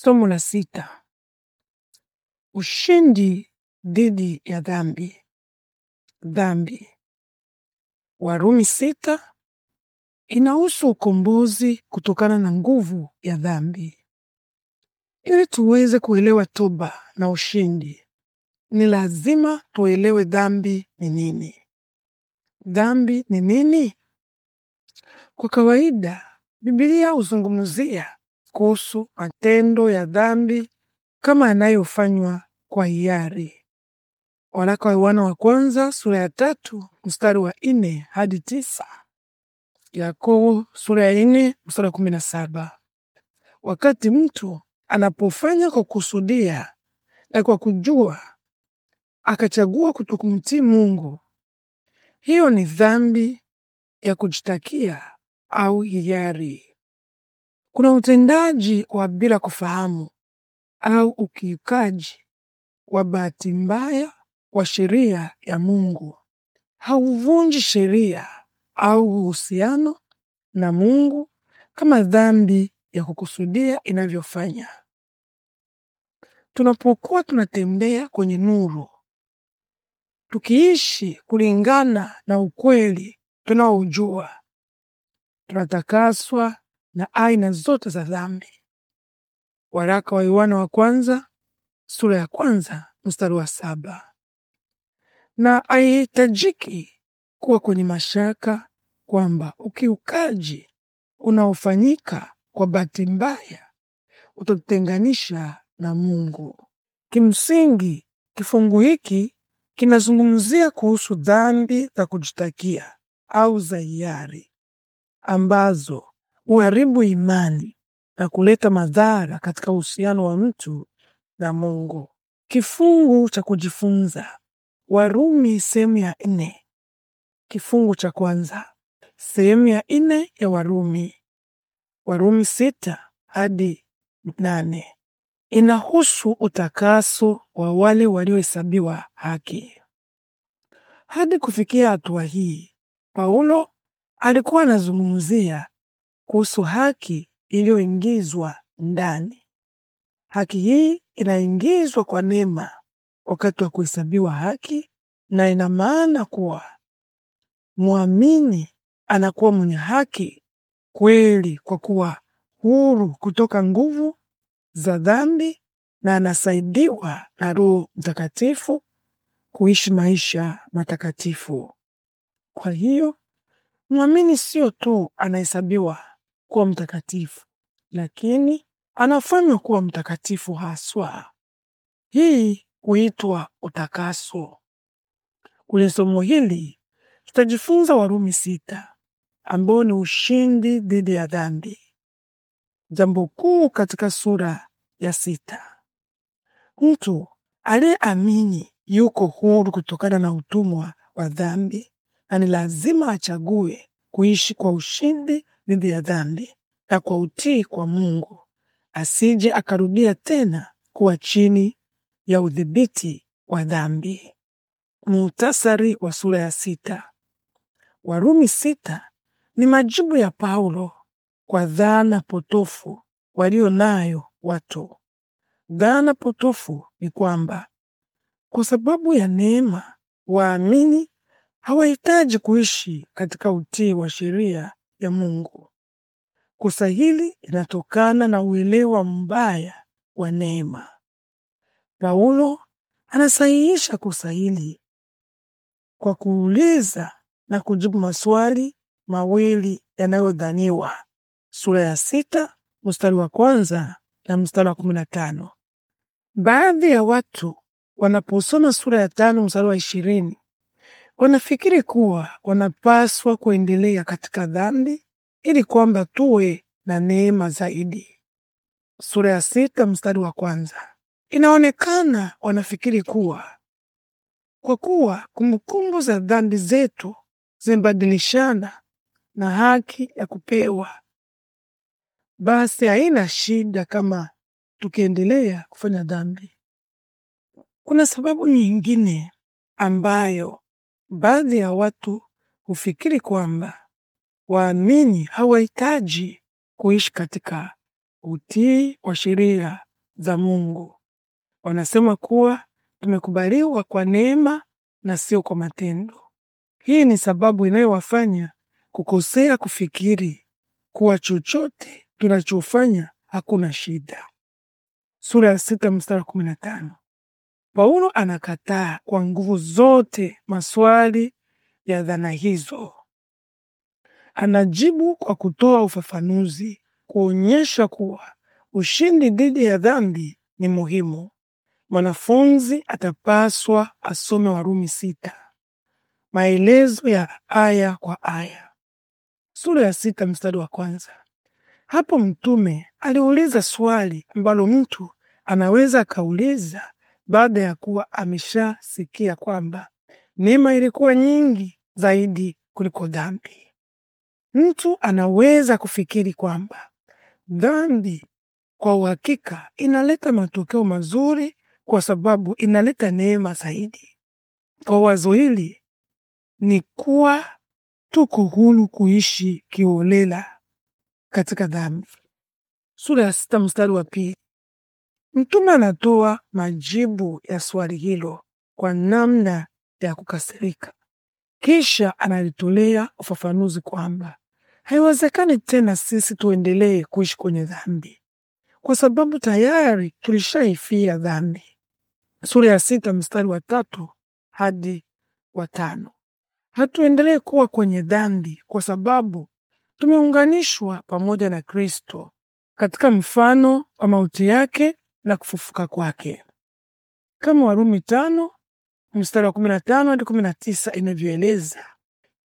Somo la sita: ushindi dhidi ya e dhambi. Dhambi. Warumi sita inahusu ukombozi kutokana na nguvu ya dhambi. Ili tuweze kuelewa toba na ushindi, ni lazima tuelewe dhambi ni nini. Dhambi ni nini? Kwa kawaida, Biblia huzungumzia kuhusu matendo ya dhambi kama yanayofanywa kwa hiari. Waraka wa Yohana wa kwanza sura ya tatu mstari wa nne hadi tisa. Yakobo sura ya nne mstari wa kumi na saba. Wakati mtu anapofanya kwa kusudia na kwa kujua akachagua kutokumtii Mungu, hiyo ni dhambi ya kujitakia au hiari. Kuna utendaji wa bila kufahamu au ukiukaji wa bahati mbaya wa sheria ya Mungu. Hauvunji sheria au uhusiano na Mungu kama dhambi ya kukusudia inavyofanya. Tunapokuwa tunatembea kwenye nuru, tukiishi kulingana na ukweli tunaojua, tunatakaswa na aina zote za dhambi. Waraka wa Yohana wa kwanza sura ya kwanza mstari wa saba. Na haihitajiki kuwa kwenye mashaka kwamba ukiukaji unaofanyika kwa bahati mbaya utatutenganisha na Mungu. Kimsingi, kifungu hiki kinazungumzia kuhusu dhambi za kujitakia au za hiari ambazo huharibu imani na kuleta madhara katika uhusiano wa mtu na Mungu. Kifungu cha kujifunza Warumi sehemu ya nne. Kifungu cha kwanza sehemu ya nne ya Warumi. Warumi sita hadi nane inahusu utakaso wa wale waliohesabiwa haki. Hadi kufikia hatua hii, Paulo alikuwa anazungumzia kuhusu haki iliyoingizwa ndani. Haki hii inaingizwa kwa neema wakati wa kuhesabiwa haki, na ina maana kuwa mwamini anakuwa mwenye haki kweli kwa kuwa huru kutoka nguvu za dhambi na anasaidiwa na Roho Mtakatifu kuishi maisha matakatifu. Kwa hiyo mwamini sio tu anahesabiwa kuwa mtakatifu, lakini anafanywa kuwa mtakatifu haswa. Hii huitwa utakaso. Kwenye somo hili tutajifunza Warumi sita ambao ni ushindi dhidi ya dhambi. Jambo kuu katika sura ya sita, mtu aliyeamini yuko huru kutokana na utumwa wa dhambi na ni lazima achague kuishi kwa ushindi dhidi ya dhambi na kwa utii kwa Mungu, asije akarudia tena kuwa chini ya udhibiti wa dhambi. Muhtasari wa sura ya sita. Warumi sita ni majibu ya Paulo kwa dhana potofu walio nayo watu. Dhana potofu ni kwamba kwa sababu ya neema waamini hawahitaji kuishi katika utii wa sheria ya Mungu. Kosa hili linatokana na uelewa mbaya wa neema. Paulo anasahihisha kosa hili kwa kuuliza na kujibu maswali mawili yanayodhaniwa, sura ya sita mstari wa kwanza na mstari wa kumi na tano. Baadhi ya watu wanaposoma sura ya tano mstari wa ishirini wanafikiri kuwa wanapaswa kuendelea katika dhambi ili kwamba tuwe na neema zaidi. Sura ya sita mstari wa kwanza. Inaonekana wanafikiri kuwa kwa kuwa kumbukumbu za dhambi zetu zimebadilishana na haki ya kupewa, basi haina shida kama tukiendelea kufanya dhambi. Kuna sababu nyingine ambayo Baadhi ya watu hufikiri kwamba waamini hawahitaji kuishi katika utii wa sheria za Mungu. Wanasema kuwa tumekubaliwa kwa neema na sio kwa matendo. Hii ni sababu inayowafanya kukosea kufikiri kuwa chochote tunachofanya hakuna shida. Sura ya sita mstari kumi na tano. Paulo anakataa kwa nguvu zote maswali ya dhana hizo. Anajibu kwa kutoa ufafanuzi, kuonyesha kuwa ushindi dhidi ya dhambi ni muhimu. Mwanafunzi atapaswa asome Warumi sita, maelezo ya aya kwa aya, sura ya sita mstari wa kwanza. Hapo mtume aliuliza swali ambalo mtu anaweza akauliza baada ya kuwa ameshasikia kwamba neema ilikuwa nyingi zaidi kuliko dhambi. Mtu anaweza kufikiri kwamba dhambi kwa uhakika inaleta matokeo mazuri kwa sababu inaleta neema zaidi. Kwa wazo hili ni kuwa tuko huru kuishi kiholela katika dhambi. Sura ya sita mstari wa pili Mtume anatoa majibu ya swali hilo kwa namna ya kukasirika, kisha analitolea ufafanuzi kwamba haiwezekani tena sisi tuendelee kuishi kwenye dhambi kwa sababu tayari tulishaifia dhambi. Sura ya sita mstari wa tatu hadi wa tano. Hatuendelee kuwa kwenye dhambi kwa sababu tumeunganishwa pamoja na Kristo katika mfano wa mauti yake na kufufuka kwake, kama Warumi tano mstari wa kumi na tano hadi kumi na tisa inavyoeleza.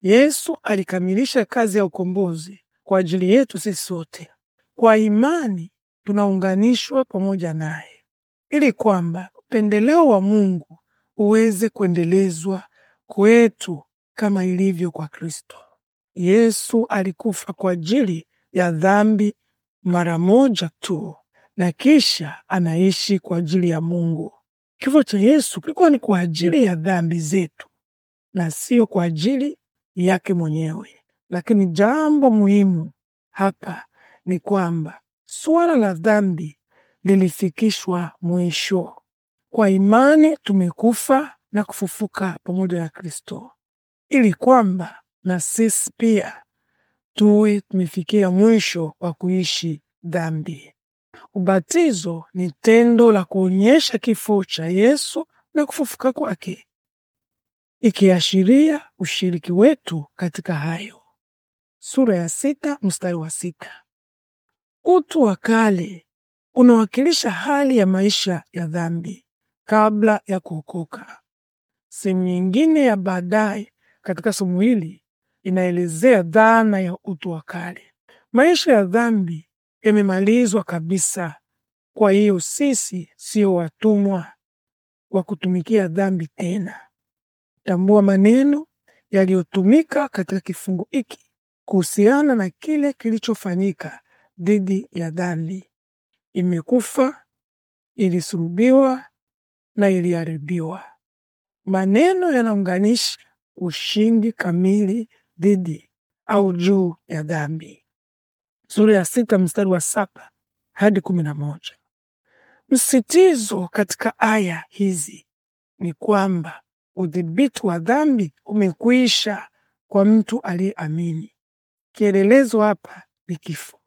Yesu alikamilisha kazi ya ukombozi kwa ajili yetu sisi sote. Kwa imani tunaunganishwa pamoja naye ili kwamba upendeleo wa Mungu uweze kuendelezwa kwetu kama ilivyo kwa Kristo. Yesu alikufa kwa ajili ya dhambi mara moja tu na kisha anaishi kwa ajili ya Mungu. Kifo cha Yesu kilikuwa ni kwa ajili ya dhambi zetu na siyo kwa ajili yake mwenyewe. Lakini jambo muhimu hapa ni kwamba suala la dhambi lilifikishwa mwisho. Kwa imani tumekufa na kufufuka pamoja na Kristo, ili kwamba na sisi pia tuwe tumefikia mwisho wa kuishi dhambi. Ubatizo ni tendo la kuonyesha kifo cha Yesu na kufufuka kwake, ikiashiria ushiriki wetu katika hayo. Sura ya sita mstari wa sita. Utu wa kale unawakilisha hali ya maisha ya dhambi kabla ya kuokoka. Sehemu nyingine ya baadaye katika somo hili inaelezea dhana ya utu wa kale. Maisha ya dhambi yamemalizwa kabisa. Kwa hiyo sisi sio watumwa wa kutumikia dhambi tena. Tambua maneno yaliyotumika katika kifungu hiki kuhusiana na kile kilichofanyika dhidi ya dhambi: imekufa, ilisulubiwa na iliharibiwa. Maneno yanaunganisha ushindi kamili dhidi au juu ya dhambi sura ya sita mstari wa saba hadi kumi na moja. Msitizo katika aya hizi ni kwamba udhibiti wa dhambi umekwisha kwa mtu aliyeamini. Kielelezo hapa ni kifo.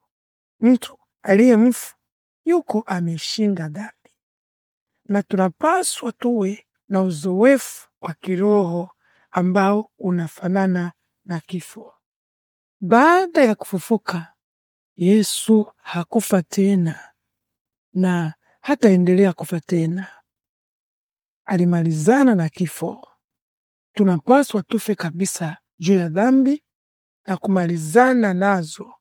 Mtu mfu yuko ameshinda dhambi, na tunapaswa tuwe na uzoefu wa kiroho ambao unafanana na kifo. Baada ya kufufuka Yesu hakufa tena na hataendelea kufa tena. Alimalizana na kifo. Tunapaswa tufe kabisa juu ya dhambi na kumalizana nazo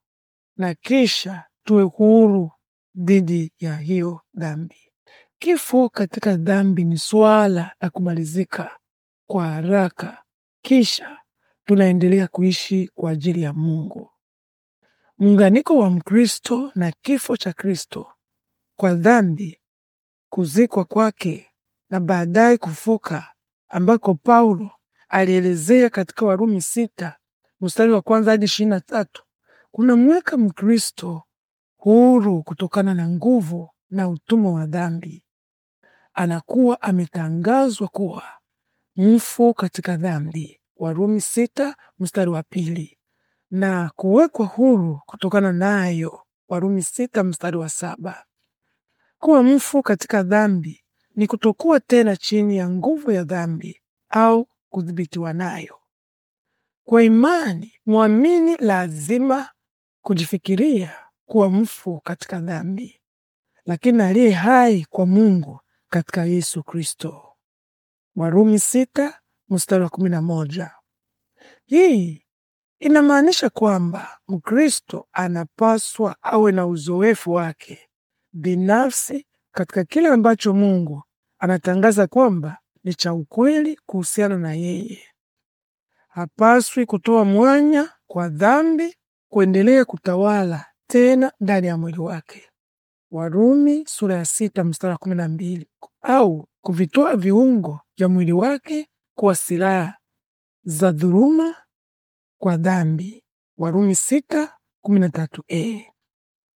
na kisha tuwe huru dhidi ya hiyo dhambi. Kifo katika dhambi ni swala la kumalizika kwa haraka, kisha tunaendelea kuishi kwa ajili ya Mungu. Muunganiko wa Mkristo na kifo cha Kristo kwa dhambi, kuzikwa kwake na baadaye kufuka, ambako Paulo alielezea katika Warumi sita mstari wa kwanza hadi ishirini na tatu kunamweka Mkristo huru kutokana na nguvu na utumwa wa dhambi. Anakuwa ametangazwa kuwa mfu katika dhambi, Warumi sita mstari wa pili na kuwekwa huru kutokana nayo, Warumi sita mstari wa saba. Kuwa mfu katika dhambi ni kutokuwa tena chini ya nguvu ya dhambi au kudhibitiwa nayo. Kwa imani mwamini lazima kujifikiria kuwa mfu katika dhambi, lakini aliye hai kwa Mungu katika Yesu Kristo. Warumi sita mstari wa kumi na moja. Hii Inamaanisha kwamba Mkristo anapaswa awe na uzoefu wake binafsi katika kile ambacho Mungu anatangaza kwamba ni cha ukweli kuhusiana na yeye. Hapaswi kutoa mwanya kwa dhambi kuendelea kutawala tena ndani ya mwili wake. Warumi sura ya sita mstari kumi na mbili, au kuvitoa viungo vya mwili wake kuwa silaha za dhuluma kwa dhambi Warumi sita kumi na tatu e.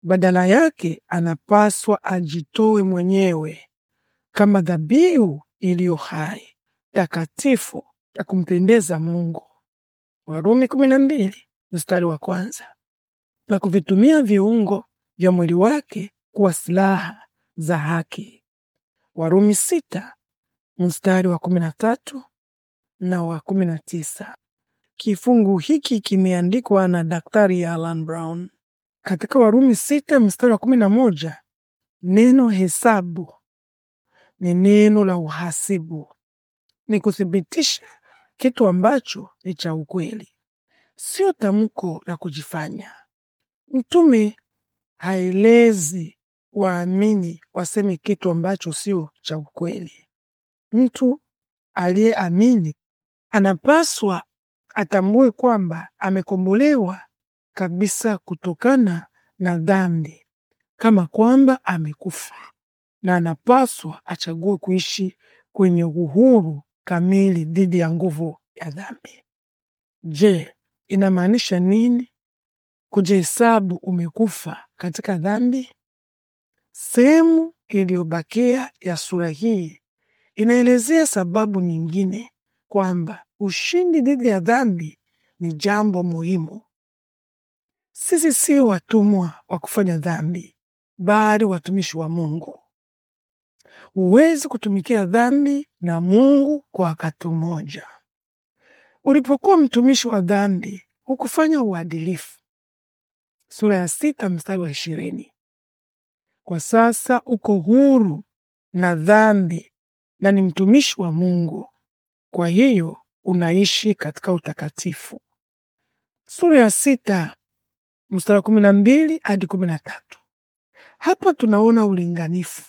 Badala yake anapaswa ajitoe mwenyewe kama dhabihu iliyo hai, takatifu ya kumpendeza Mungu Warumi kumi na mbili mstari wa kwanza, na kuvitumia viungo vya mwili wake kuwa silaha za haki Warumi sita mstari wa kumi na tatu na wa kumi na tisa. Kifungu hiki kimeandikwa na Daktari Alan Brown katika Warumi sita mstari wa kumi na moja. Neno hesabu ni neno la uhasibu, ni kuthibitisha kitu ambacho ni cha ukweli, sio tamko la kujifanya. Mtume haelezi waamini waseme kitu ambacho sio cha ukweli. Mtu aliyeamini anapaswa atambue kwamba amekombolewa kabisa kutokana na dhambi, kama kwamba amekufa na anapaswa achague kuishi kwenye uhuru kamili dhidi ya nguvu ya dhambi. Je, inamaanisha nini kujihesabu umekufa katika dhambi? Sehemu iliyobakia ya sura hii inaelezea sababu nyingine kwamba ushindi dhidi ya dhambi ni jambo muhimu. Sisi si watumwa wa kufanya dhambi, bali watumishi wa Mungu. Huwezi kutumikia dhambi na Mungu kwa wakati mmoja. Ulipokuwa mtumishi wa dhambi hukufanya uadilifu, sura ya sita mstari wa ishirini. Kwa sasa uko huru na dhambi na ni mtumishi wa Mungu. Kwa hiyo unaishi katika utakatifu. Sura ya sita mstari kumi na mbili hadi kumi na tatu. Hapa tunaona ulinganifu.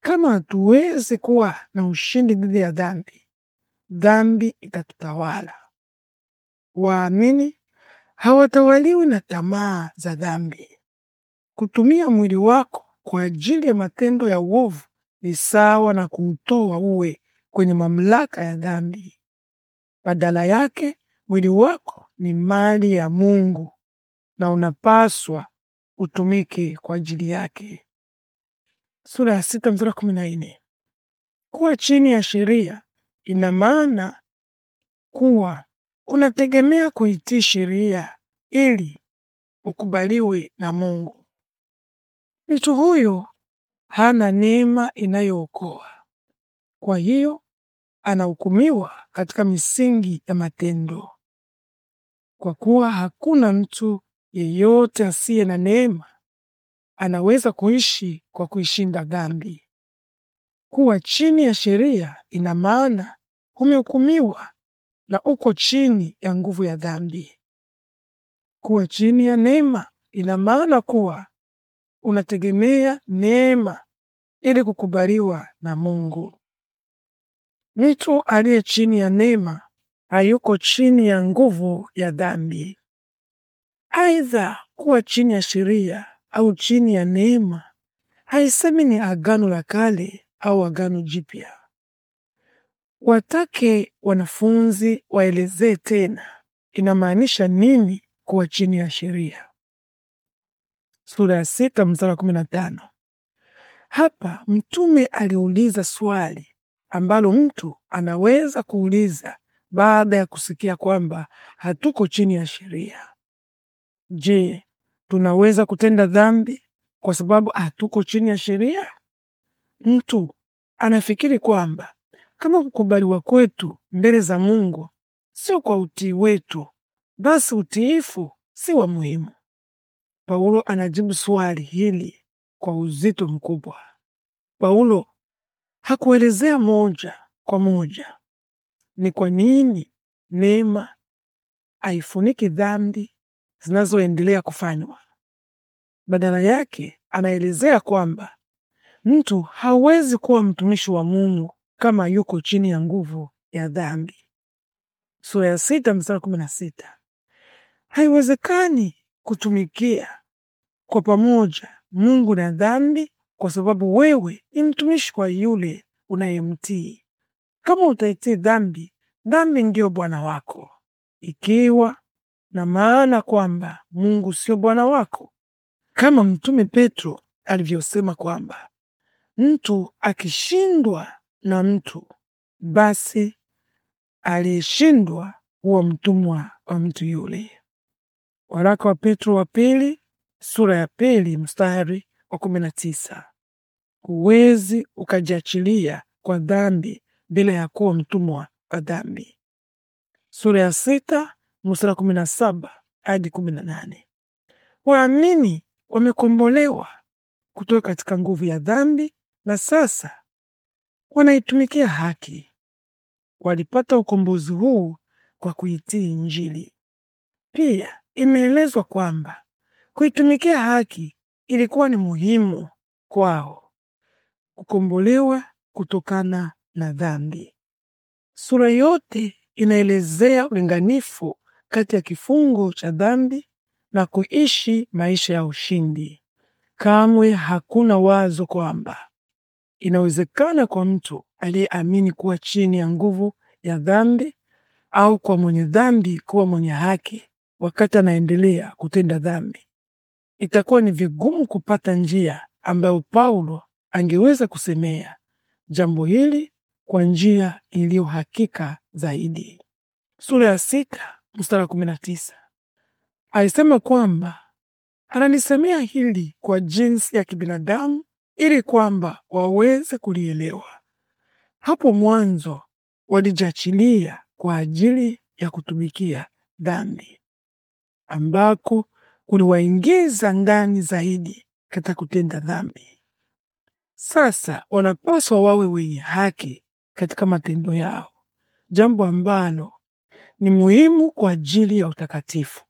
Kama hatuwezi kuwa na ushindi dhidi ya dhambi, dhambi itatutawala. Waamini hawatawaliwi na tamaa za dhambi. Kutumia mwili wako kwa ajili ya matendo ya uovu ni sawa na kuutoa uwe kwenye mamlaka ya dhambi. Badala yake, mwili wako ni mali ya Mungu na unapaswa utumike kwa ajili yake. Sura ya sita mstari kumi na nne. Kuwa chini ya sheria ina maana kuwa unategemea kuitii sheria ili ukubaliwe na Mungu. Mtu huyo hana neema inayookoa. Kwa hiyo anahukumiwa katika misingi ya matendo, kwa kuwa hakuna mtu yeyote asiye na neema anaweza kuishi kwa kuishinda dhambi. Kuwa chini ya sheria ina maana umehukumiwa na uko chini ya nguvu ya dhambi. Kuwa chini ya neema ina maana kuwa unategemea neema ili kukubaliwa na Mungu. Mtu aliye chini ya neema hayuko chini ya nguvu ya dhambi. Aidha, kuwa chini ya sheria au chini ya neema haisemi ni Agano la Kale au Agano Jipya. Watake wanafunzi waelezee tena inamaanisha nini kuwa chini ya sheria. Sura ya sita mstari wa kumi na tano. Hapa mtume aliuliza swali ambalo mtu anaweza kuuliza baada ya kusikia kwamba hatuko chini ya sheria. Je, tunaweza kutenda dhambi kwa sababu hatuko chini ya sheria? Mtu anafikiri kwamba kama kukubaliwa kwetu mbele za Mungu sio kwa utii wetu, basi utiifu si wa muhimu. Paulo anajibu swali hili kwa uzito mkubwa. Paulo Hakuelezea moja kwa moja ni kwa nini neema haifuniki dhambi zinazoendelea kufanywa. Badala yake, anaelezea kwamba mtu hawezi kuwa mtumishi wa Mungu kama yuko chini ya nguvu ya dhambi. Sura ya sita mstari kumi na sita. Haiwezekani kutumikia kwa pamoja Mungu na dhambi kwa sababu wewe ni mtumishi kwa yule unayemtii. Kama utaitii dhambi, dhambi ndiyo bwana wako, ikiwa na maana kwamba Mungu sio bwana wako, kama Mtume Petro alivyosema kwamba mtu akishindwa na mtu, basi aliyeshindwa huwa mtumwa wa mtu yule. Waraka wa Petro wa pili sura ya pili mstari wa kumi na tisa huwezi ukajiachilia kwa dhambi bila ya kuwa mtumwa wa dhambi. Sura ya sita mstari kumi na saba hadi kumi na nane. Waamini wamekombolewa kutoka katika nguvu ya dhambi na sasa wanaitumikia haki. Walipata ukombozi huu kwa kuitii Injili. Pia imeelezwa kwamba kuitumikia haki ilikuwa ni muhimu kwao kukombolewa kutokana na dhambi. Sura yote inaelezea ulinganifu kati ya kifungo cha dhambi na kuishi maisha ya ushindi. Kamwe hakuna wazo kwamba inawezekana kwa mtu aliyeamini kuwa chini ya nguvu ya dhambi au kwa mwenye dhambi kuwa mwenye haki wakati anaendelea kutenda dhambi. Itakuwa ni vigumu kupata njia ambayo Paulo angeweza kusemea jambo hili kwa njia iliyo hakika zaidi. Sura ya sita mstari wa kumi na tisa alisema kwamba ananisemea hili kwa jinsi ya kibinadamu ili kwamba waweze kulielewa. Hapo mwanzo walijachilia kwa ajili ya kutumikia dhambi, ambako kuliwaingiza ndani zaidi katika kutenda dhambi. Sasa wanapaswa wawe wenye haki katika matendo yao, jambo ambalo ni muhimu kwa ajili ya utakatifu.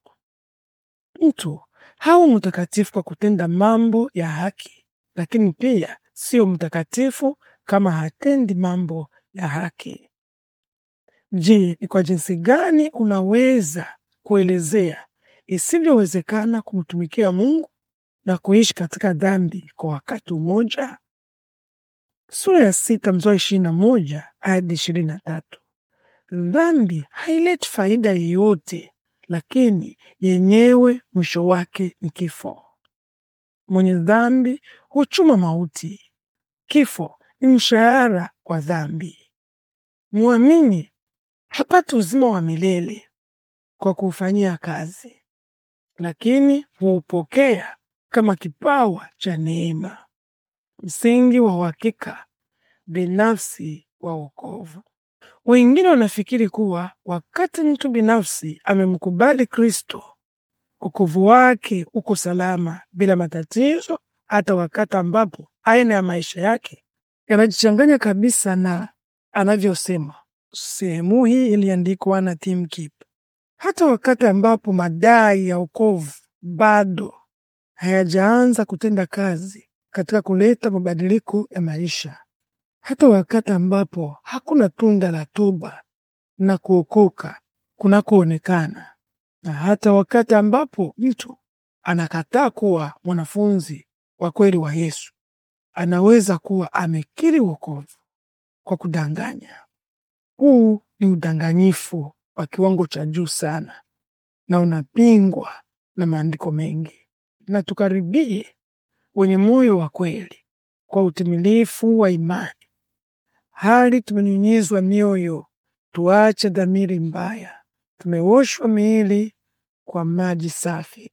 Mtu hawa mtakatifu kwa kutenda mambo ya haki, lakini pia sio mtakatifu kama hatendi mambo ya haki. Je, ni kwa jinsi gani unaweza kuelezea isivyowezekana kumtumikia Mungu na kuishi katika dhambi kwa wakati mmoja? sura ya sita mzoa ishirini na moja hadi ishirini na tatu. Dhambi haileti faida yoyote, lakini yenyewe mwisho wake ni kifo. Mwenye dhambi huchuma mauti. Kifo ni mshahara wa dhambi. Mwamini hapati uzima wa milele kwa kuufanyia kazi, lakini huupokea kama kipawa cha neema msingi wa uhakika binafsi wa wokovu. Wengine wanafikiri kuwa wakati mtu binafsi amemkubali Kristo, wokovu wake uko salama bila matatizo, hata wakati ambapo aina ya maisha yake yanajichanganya kabisa na anavyosema. Sehemu hii iliandikwa na Tim Hata wakati ambapo madai ya wokovu bado hayajaanza kutenda kazi, katika kuleta mabadiliko ya maisha. Hata wakati ambapo hakuna tunda la toba na kuokoka kunakoonekana, na hata wakati ambapo mtu anakataa kuwa mwanafunzi wa kweli wa Yesu, anaweza kuwa amekiri wokovu kwa kudanganya. Huu ni udanganyifu wa kiwango cha juu sana na unapingwa na maandiko mengi, na tukaribie wenye moyo wa kweli kwa utimilifu wa imani, hali tumenyunyizwa mioyo, tuache dhamiri mbaya, tumeoshwa miili kwa maji safi.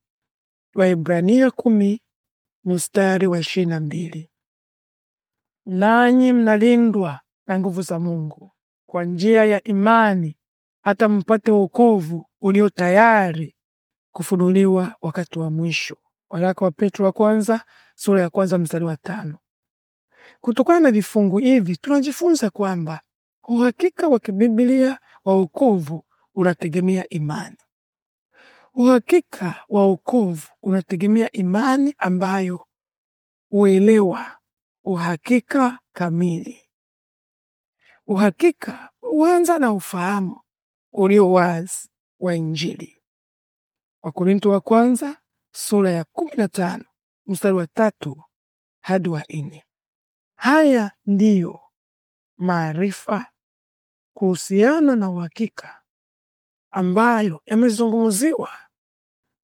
Waibrania kumi mstari wa ishirini na mbili. Nanyi mnalindwa na nguvu za Mungu kwa njia ya imani, hata mpate wokovu ulio tayari kufunuliwa wakati wa mwisho. Waraka wa Petro wa kwanza sura ya kwanza mstari wa tano. Kutokana na vifungu hivi tunajifunza kwamba uhakika wa kibiblia wa wokovu unategemea imani. Uhakika wa wokovu unategemea imani ambayo uelewa uhakika kamili. Uhakika huanza na ufahamu ulio wazi wa Injili. Wakorinto wa kwanza sura ya kumi na tano mstari wa tatu hadi wa nne. Haya ndiyo maarifa kuhusiana na uhakika ambayo yamezungumziwa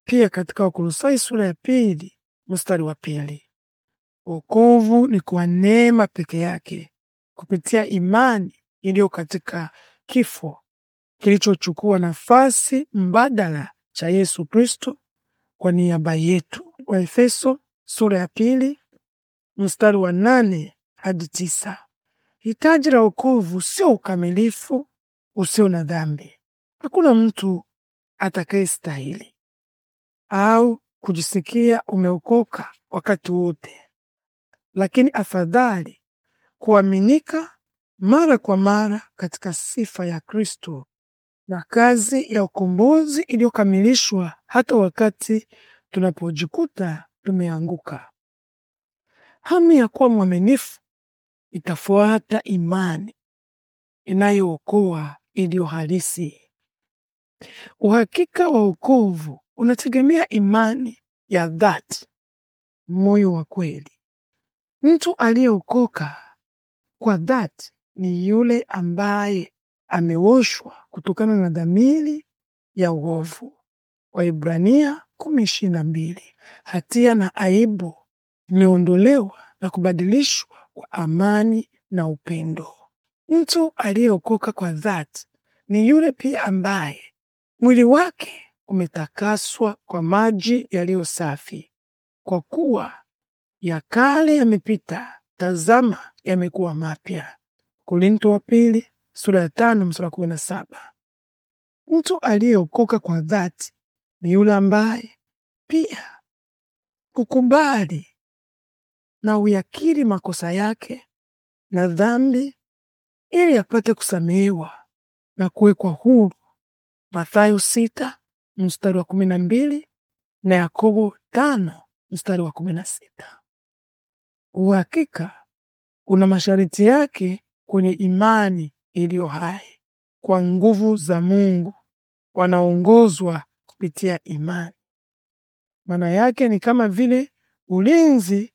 pia katika Wakolosai sura ya pili mstari wa pili. Wokovu ni kwa neema peke yake kupitia imani iliyo katika kifo kilichochukua nafasi mbadala cha Yesu Kristo kwa niaba yetu. Waefeso sura ya pili mstari wa nane hadi tisa. Hitaji la wokovu sio ukamilifu usio na dhambi. Hakuna mtu atakayestahili au kujisikia umeokoka wakati wote, lakini afadhali kuaminika mara kwa mara katika sifa ya Kristo na kazi ya ukombozi iliyokamilishwa hata wakati tunapojikuta tumeanguka. Hamu ya kuwa mwaminifu itafuata imani inayookoa iliyo halisi. Uhakika wa wokovu unategemea imani ya dhati, moyo wa kweli. Mtu aliyeokoka kwa dhati ni yule ambaye ameoshwa kutokana na dhamiri ya uovu. Waibrania kumi na mbili. Hatia na aibu imeondolewa na kubadilishwa kwa amani na upendo. Mtu aliyeokoka kwa dhati ni yule pia ambaye mwili wake umetakaswa kwa maji yaliyo safi, kwa kuwa ya kale yamepita, tazama yamekuwa mapya. Korinto wa pili sura ya tano mstari wa kumi na saba. Mtu aliyeokoka kwa dhati ni yule ambaye pia kukubali na uyakiri makosa yake na dhambi ili apate kusamehewa na kuwekwa huru. Mathayo sita mstari wa kumi na mbili na Yakobo tano mstari wa kumi na sita. Uhakika kuna masharti yake kwenye imani iliyo hai kwa nguvu za Mungu, wanaongozwa kupitia imani. Maana yake ni kama vile ulinzi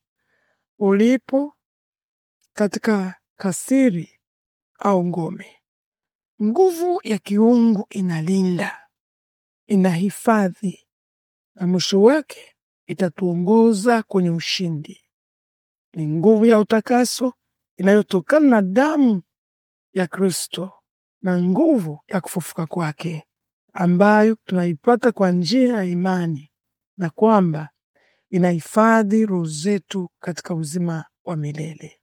ulipo katika kasiri au ngome. Nguvu ya kiungu inalinda, inahifadhi, na mwisho wake itatuongoza kwenye ushindi. Ni nguvu ya utakaso inayotokana na damu ya Kristo na nguvu ya kufufuka kwake ambayo tunaipata kwa njia ya imani na kwamba inahifadhi roho zetu katika uzima wa milele.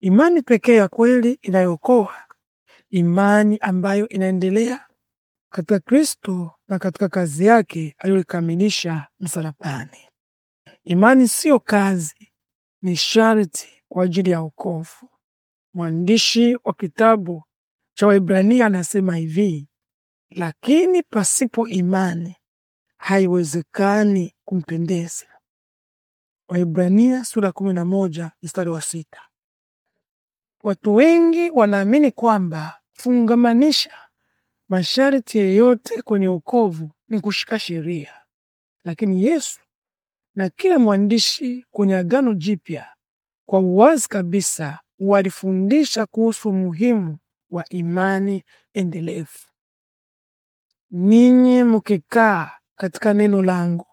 Imani pekee ya kweli inayokoa, imani ambayo inaendelea katika Kristo na katika kazi yake aliyoikamilisha msalabani. Imani siyo kazi, ni sharti kwa ajili ya wokovu. Mwandishi wa kitabu cha Waibrania anasema hivi, lakini pasipo imani haiwezekani kumpendeza. Waibrania sura kumi na moja mstari wa sita. Watu wengi wanaamini kwamba fungamanisha masharti yeyote kwenye wokovu ni kushika sheria, lakini Yesu na kila mwandishi kwenye Agano Jipya kwa uwazi kabisa walifundisha kuhusu umuhimu wa imani endelevu. Ninyi mkikaa katika neno langu,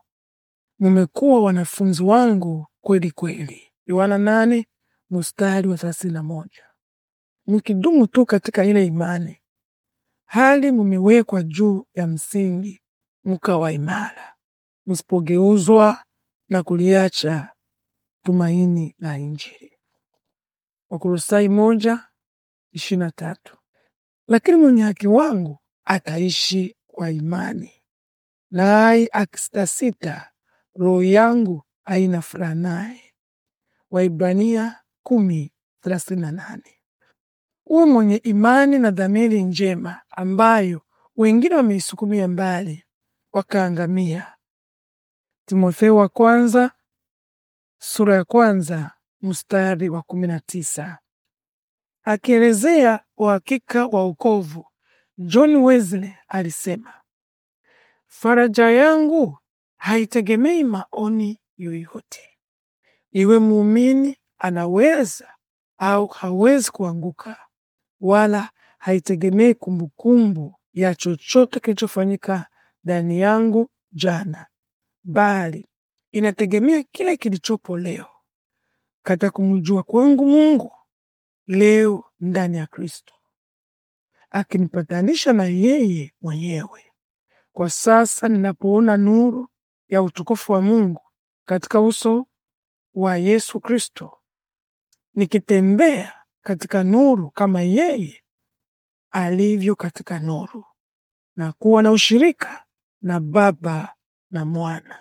mumekuwa wanafunzi wangu kweli kweli. Yohana nane mstari wa thelathini na moja. Mkidumu tu katika ile imani, hali mumewekwa juu ya msingi, mkawa imara, msipogeuzwa na kuliacha tumaini la Injili. Wakolosai moja ishirini na tatu. Lakini mwenye haki wangu ataishi kwa imani, naye akisitasita, roho yangu haina furaha naye. Waibrania kumi thelathini na nane. Uwe mwenye imani na dhamiri njema, ambayo wengine wameisukumia mbali wakaangamia. Timotheo wa kwanza sura ya kwanza mstari wa kumi na tisa akielezea uhakika wa wokovu. John Wesley alisema, faraja yangu haitegemei maoni yoyote. Iwe muumini anaweza au hawezi kuanguka, wala haitegemei kumbukumbu ya chochote kilichofanyika ndani yangu jana, bali inategemea kile kilichopo leo katika kumjua kwangu Mungu leo ndani ya Kristo, akinipatanisha na yeye mwenyewe. Kwa sasa ninapoona nuru ya utukufu wa Mungu katika uso wa Yesu Kristo, nikitembea katika nuru kama yeye alivyo katika nuru, na kuwa na ushirika na Baba na Mwana.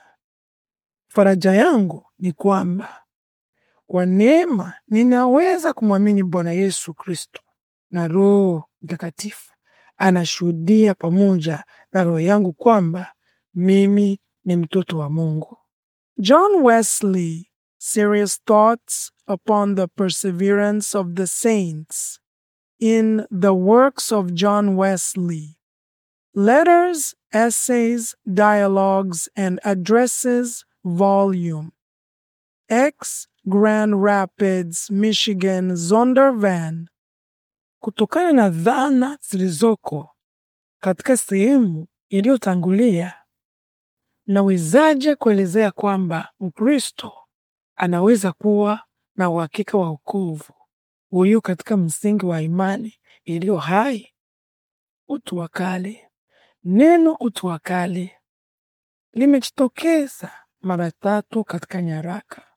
Faraja yangu ni kwamba kwa neema ninaweza kumwamini Bwana Yesu Kristo, na Roho Mtakatifu anashuhudia pamoja na roho yangu kwamba mimi ni mtoto wa Mungu. John Wesley, Serious Thoughts upon the Perseverance of the Saints, in The Works of John Wesley, Letters, Essays, Dialogues and Addresses, Volume X Grand Rapids, Michigan, Zondervan. Kutokana na dhana zilizoko katika sehemu iliyotangulia, nawezaje kuelezea kwamba Mkristo anaweza kuwa na uhakika wa wokovu huyu katika msingi wa imani iliyo hai? Utu wa kale. Neno utu wa kale limejitokeza mara tatu katika nyaraka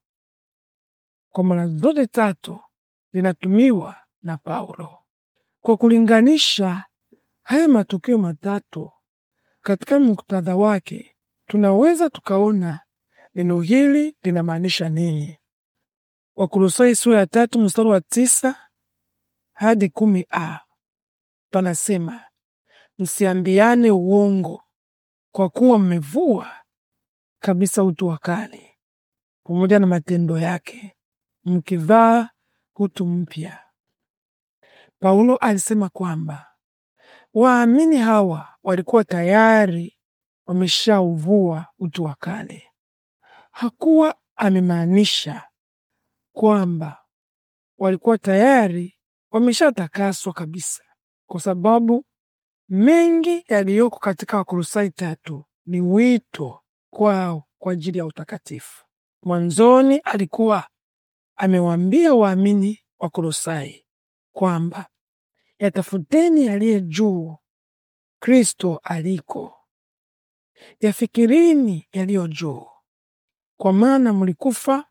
kwa mara zote tatu linatumiwa na Paulo. Kwa kulinganisha haya matukio matatu katika muktadha wake, tunaweza tukaona neno hili linamaanisha nini. Wakolosai sura ya tatu mstari wa tisa hadi kumi a panasema, msiambiane uongo kwa kuwa mmevua kabisa utu wa kale pamoja na matendo yake, mkivaa kutu mpya. Paulo alisema kwamba waamini hawa walikuwa tayari wameshauvua utu wa kale. Hakuwa amemaanisha kwamba walikuwa tayari wameshatakaswa kabisa, kwa sababu mengi yaliyoko katika Wakolosai tatu ni wito kwao kwa ajili ya utakatifu. Mwanzoni alikuwa amewaambia waamini wa Kolosai kwamba yatafuteni yaliye juu, Kristo aliko; yafikirini yaliyo juu, kwa maana mlikufa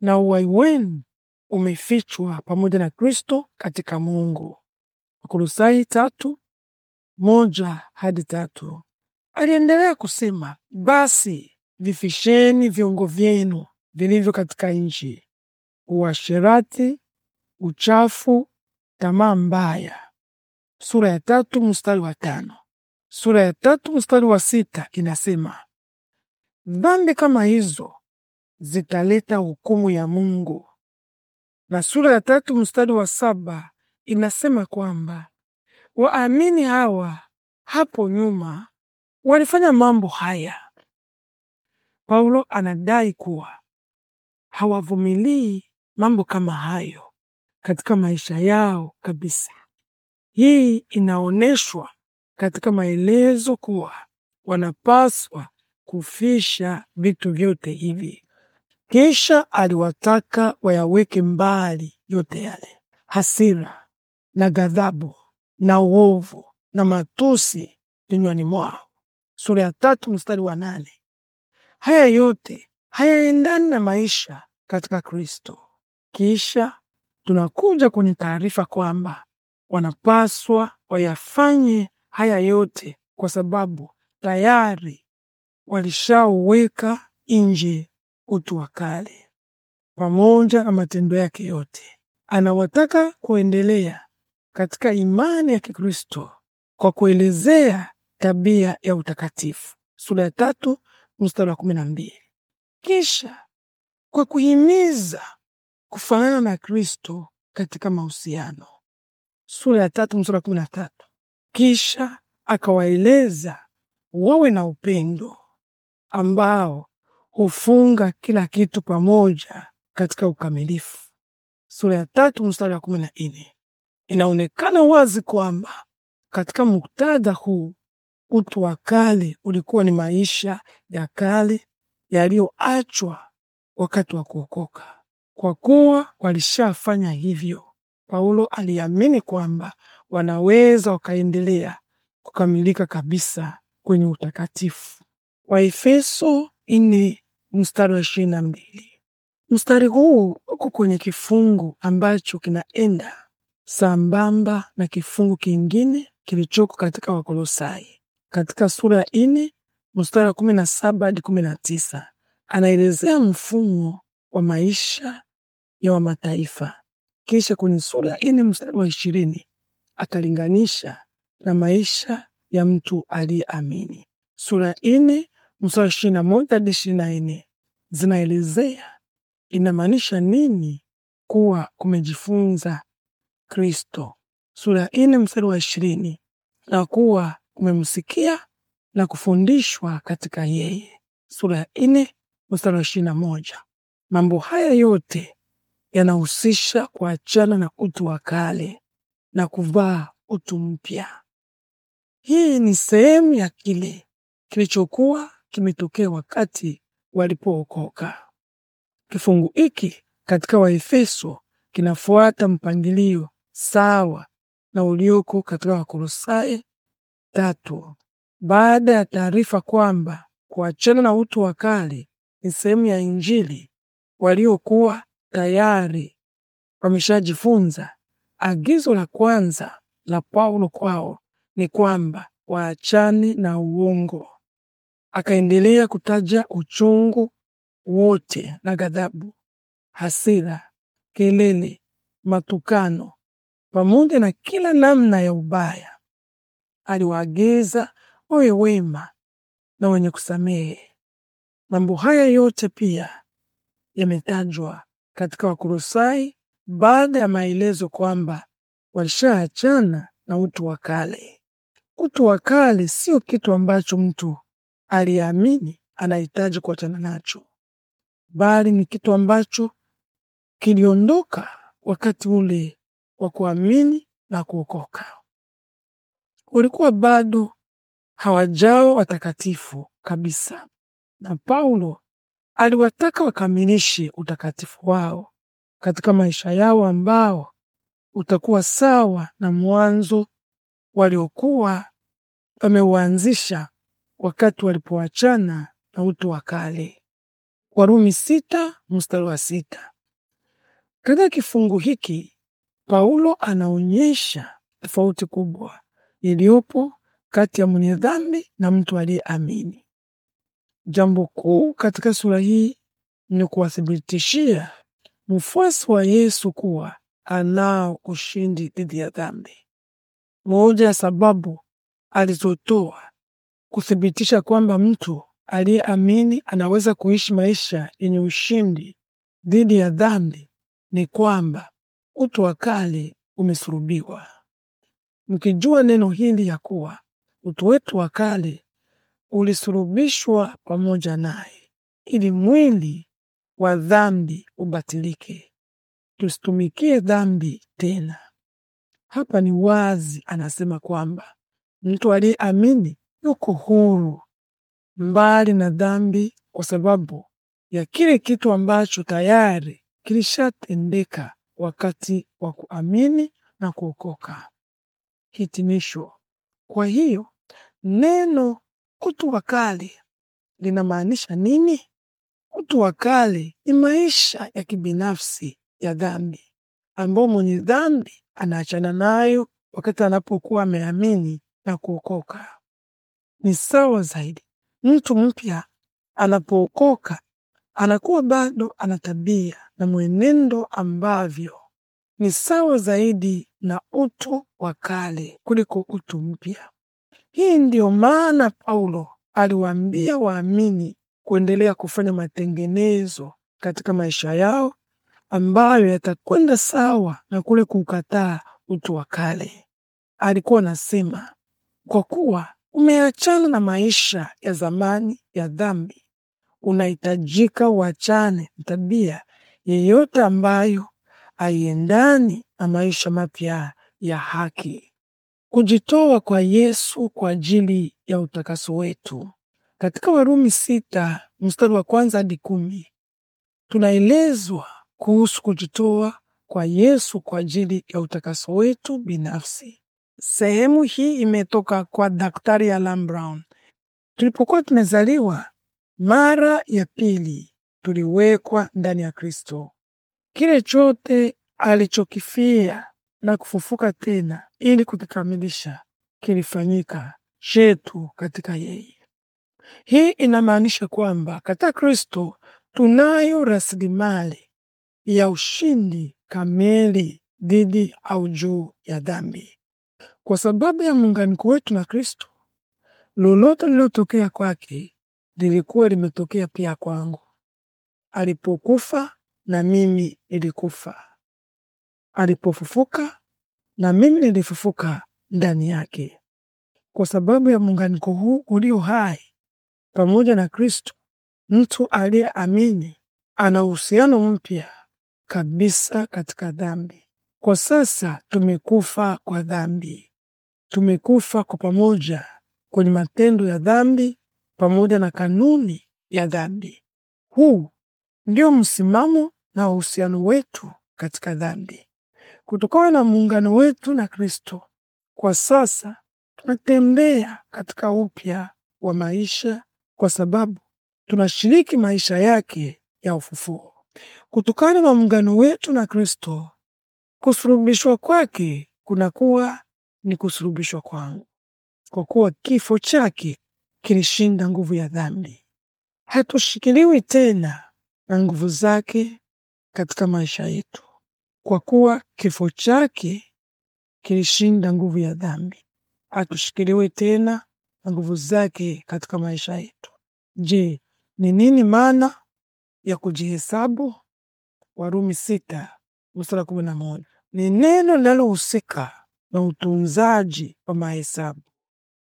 na uhai wenu umefichwa pamoja na Kristo katika Mungu. Wakolosai tatu moja hadi tatu. Aliendelea kusema, basi vifisheni viungo vyenu vilivyo katika nchi uasherati, uchafu, tamaa mbaya. Sura ya tatu mstari wa tano. Sura ya tatu mstari wa sita inasema dhambi kama hizo zitaleta hukumu ya Mungu, na sura ya tatu mstari wa saba inasema kwamba waamini hawa hapo nyuma walifanya mambo haya. Paulo anadai kuwa hawavumilii mambo kama hayo katika maisha yao kabisa. Hii inaonyeshwa katika maelezo kuwa wanapaswa kufisha vitu vyote hivi. Kisha aliwataka wayaweke mbali yote yale: hasira na ghadhabu na uovu na matusi vinywani mwao, sura ya tatu mstari wa nane. Haya yote hayaendani na maisha katika Kristo. Kisha tunakuja kwenye taarifa kwamba wanapaswa wayafanye haya yote kwa sababu tayari walishauweka nje utu wa kale pamoja na matendo yake yote. Anawataka kuendelea katika imani ya Kikristo kwa kuelezea tabia ya utakatifu, sura ya tatu mstari wa kumi na mbili. Kisha kwa kuhimiza kufanana na Kristo katika mahusiano. Sura ya tatu mstari kumi na tatu. Kisha akawaeleza wawe na upendo ambao hufunga kila kitu pamoja katika ukamilifu. Sura ya tatu mstari wa kumi na nne. Inaonekana wazi kwamba katika muktadha huu utu wa kale ulikuwa ni maisha ya kale yaliyoachwa wakati wa kuokoka. Kwa kuwa walishafanya hivyo, Paulo aliamini kwamba wanaweza wakaendelea kukamilika kabisa kwenye utakatifu. Waefeso ine mstari wa ishirini na mbili. Mstari huu uko kwenye kifungu ambacho kinaenda sambamba na kifungu kingine kilichoko katika Wakolosai katika sura ya nne mstari wa kumi na saba hadi kumi na tisa anaelezea mfumo wa maisha ya wa mataifa. Kisha kwenye sura ine mstari wa ishirini akalinganisha na maisha ya mtu aliyeamini. Sura ine nne mstari wa ishirini na moja hadi ishirini na nne zinaelezea inamaanisha nini kuwa kumejifunza Kristo. Sura ine mstari wa ishirini na kuwa kumemsikia na kufundishwa katika yeye. Sura ine mstari wa ishirini na moja mambo haya yote yanahusisha kuachana na utu wa kale na kuvaa utu mpya. Hii ni sehemu ya kile kilichokuwa kimetokea wakati walipookoka. Kifungu hiki katika Waefeso kinafuata mpangilio sawa na ulioko katika Wakolosai tatu. Baada ya taarifa kwamba kuachana na utu wa kale ni sehemu ya Injili waliokuwa tayari wameshajifunza. Agizo la kwanza la Paulo kwao ni kwamba waachane na uongo. Akaendelea kutaja uchungu wote na ghadhabu, hasira, kelele, matukano pamoja na kila namna ya ubaya. Aliwaagiza wawe wema na wenye kusamehe. Mambo haya yote pia yametajwa katika Wakolosai baada ya maelezo kwamba walishaachana na utu wa kale. Utu wa kale sio kitu ambacho mtu aliamini anahitaji kuachana nacho, bali ni kitu ambacho kiliondoka wakati ule wa kuamini na kuokoka. Walikuwa bado hawajao watakatifu kabisa, na Paulo aliwataka wakamilishe utakatifu wao katika maisha yao ambao utakuwa sawa na mwanzo waliokuwa wameuanzisha wakati walipoachana na utu wa kale. Warumi sita mstari wa sita. Katika kifungu hiki Paulo anaonyesha tofauti kubwa iliyopo kati ya mwenye dhambi na mtu aliyeamini. Jambo kuu katika sura hii ni kuwathibitishia mfuasi wa Yesu kuwa anao ushindi dhidi ya dhambi. Moja ya sababu alizotoa kuthibitisha kwamba mtu aliyeamini anaweza kuishi maisha yenye ushindi dhidi ya dhambi ni kwamba utu wa kale umesurubiwa. Mkijua neno hili ya kuwa utu wetu wa kale ulisulubishwa pamoja naye ili mwili wa dhambi ubatilike, tusitumikie dhambi tena. Hapa ni wazi anasema kwamba mtu aliyeamini yuko huru mbali na dhambi kwa sababu ya kile kitu ambacho tayari kilishatendeka wakati wa kuamini na kuokoka. Hitimisho. Kwa hiyo neno utu wa kale linamaanisha nini? utu wa kale ni maisha ya kibinafsi ya dhambi ambayo mwenye dhambi anaachana nayo wakati anapokuwa ameamini na kuokoka. Ni sawa zaidi, mtu mpya anapookoka anakuwa bado ana tabia na mwenendo ambavyo ni sawa zaidi na utu wa kale kuliko utu mpya. Hii ndiyo maana Paulo aliwaambia waamini kuendelea kufanya matengenezo katika maisha yao ambayo yatakwenda sawa na kule kukataa utu wa kale. Alikuwa anasema, kwa kuwa umeachana na maisha ya zamani ya dhambi, unahitajika uachane na tabia yeyote ambayo haiendani na maisha mapya ya haki. Kujitoa kwa Yesu kwa ajili ya utakaso wetu. Katika Warumi sita mstari wa kwanza hadi kumi tunaelezwa kuhusu kujitoa kwa Yesu kwa ajili ya utakaso wetu binafsi. Sehemu hii imetoka kwa Daktari Alan Brown. Tulipokuwa tumezaliwa mara ya pili, tuliwekwa ndani ya Kristo. Kile chote alichokifia na kufufuka tena ili kukikamilisha kilifanyika chetu katika yeye. Hii inamaanisha kwamba katika Kristo tunayo rasilimali ya ushindi kamili dhidi au juu ya dhambi. Kwa sababu ya muunganiko wetu na Kristo, lolote lililotokea kwake lilikuwa limetokea pia kwangu. Alipokufa na mimi nilikufa alipofufuka na mimi nilifufuka ndani yake. Kwa sababu ya muunganiko huu ulio hai pamoja na Kristo, mtu aliyeamini ana uhusiano mpya kabisa katika dhambi. Kwa sasa tumekufa kwa dhambi, tumekufa kwa pamoja kwenye matendo ya dhambi pamoja na kanuni ya dhambi. Huu ndio msimamo na uhusiano wetu katika dhambi. Kutokana na muungano wetu na Kristo, kwa sasa tunatembea katika upya wa maisha kwa sababu tunashiriki maisha yake ya ufufuo. Kutokana na muungano wetu na Kristo, kusulubishwa kwake kunakuwa ni kusulubishwa kwangu, kwa kuwa kifo chake kilishinda nguvu ya dhambi. Hatushikiliwi tena na nguvu zake katika maisha yetu kwa kuwa kifo chake kilishinda nguvu ya dhambi, hatushikiliwe tena na nguvu zake katika maisha yetu. Je, ni nini maana ya kujihesabu? Warumi sita mstari kumi na moja ni neno linalohusika na utunzaji wa mahesabu.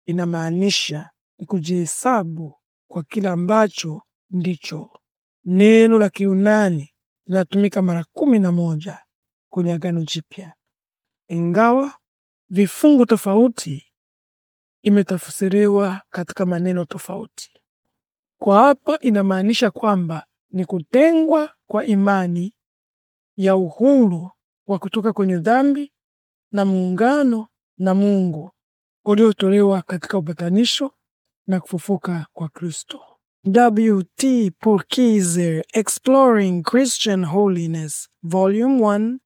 Inamaanisha ni kujihesabu kwa kila ambacho ndicho. Neno la Kiunani linatumika mara kumi na moja kwenye Agano Jipya, ingawa vifungu tofauti imetafsiriwa katika maneno tofauti. Kwa hapa inamaanisha kwamba ni kutengwa kwa imani ya uhuru wa kutoka kwenye dhambi na muungano na Mungu uliotolewa katika upatanisho na kufufuka kwa Kristo. W.T. Purkizer Exploring Christian Holiness, Volume 1,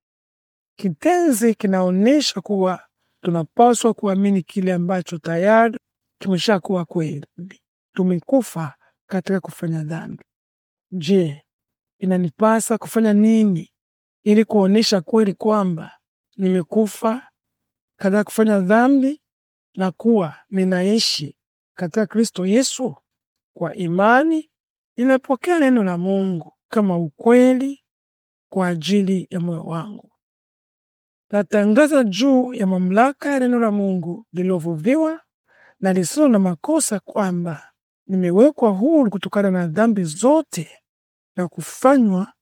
Kitenzi kinaonyesha kuwa tunapaswa kuamini kile ambacho tayari kimeshakuwa kweli. Tumekufa katika kufanya dhambi. Je, inanipasa kufanya nini ili kuonyesha kweli kwamba nimekufa katika kufanya dhambi na kuwa ninaishi katika Kristo Yesu? Kwa imani ninapokea neno la Mungu kama ukweli kwa ajili ya moyo wangu natangaza juu ya mamlaka ya neno la Mungu lililovuviwa na lisilo na makosa kwamba nimewekwa huru kutokana na dhambi zote na kufanywa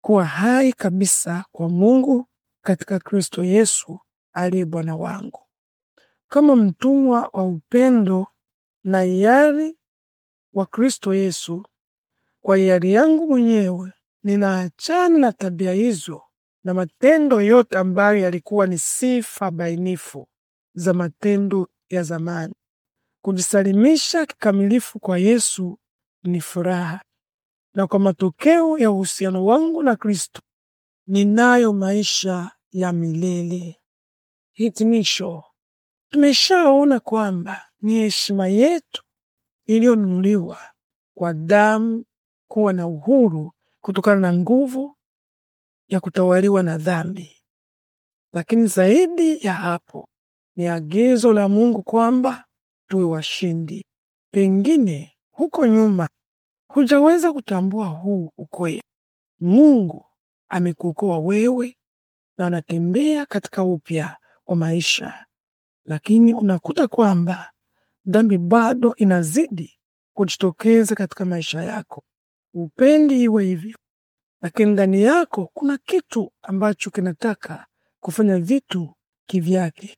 kuwa hai kabisa kwa Mungu katika Kristo Yesu aliye Bwana wangu. Kama mtumwa wa upendo na hiari wa Kristo Yesu, kwa hiari yangu mwenyewe ninaachana na tabia hizo na matendo yote ambayo yalikuwa ni sifa bainifu za matendo ya zamani. Kujisalimisha kikamilifu kwa Yesu ni furaha, na kwa matokeo ya uhusiano wangu na Kristo ninayo maisha ya milele. Hitimisho, tumeshaona kwamba ni heshima yetu iliyonunuliwa kwa damu kuwa na uhuru kutokana na nguvu ya kutawaliwa na dhambi. Lakini zaidi ya hapo ni agizo la Mungu kwamba tuwe washindi. Pengine huko nyuma hujaweza kutambua huu ukweli. Mungu amekuokoa wewe na anatembea katika upya kwa maisha, lakini unakuta kwamba dhambi bado inazidi kujitokeza katika maisha yako. Upendi iwe hivyo lakini ndani yako kuna kitu ambacho kinataka kufanya vitu kivyake.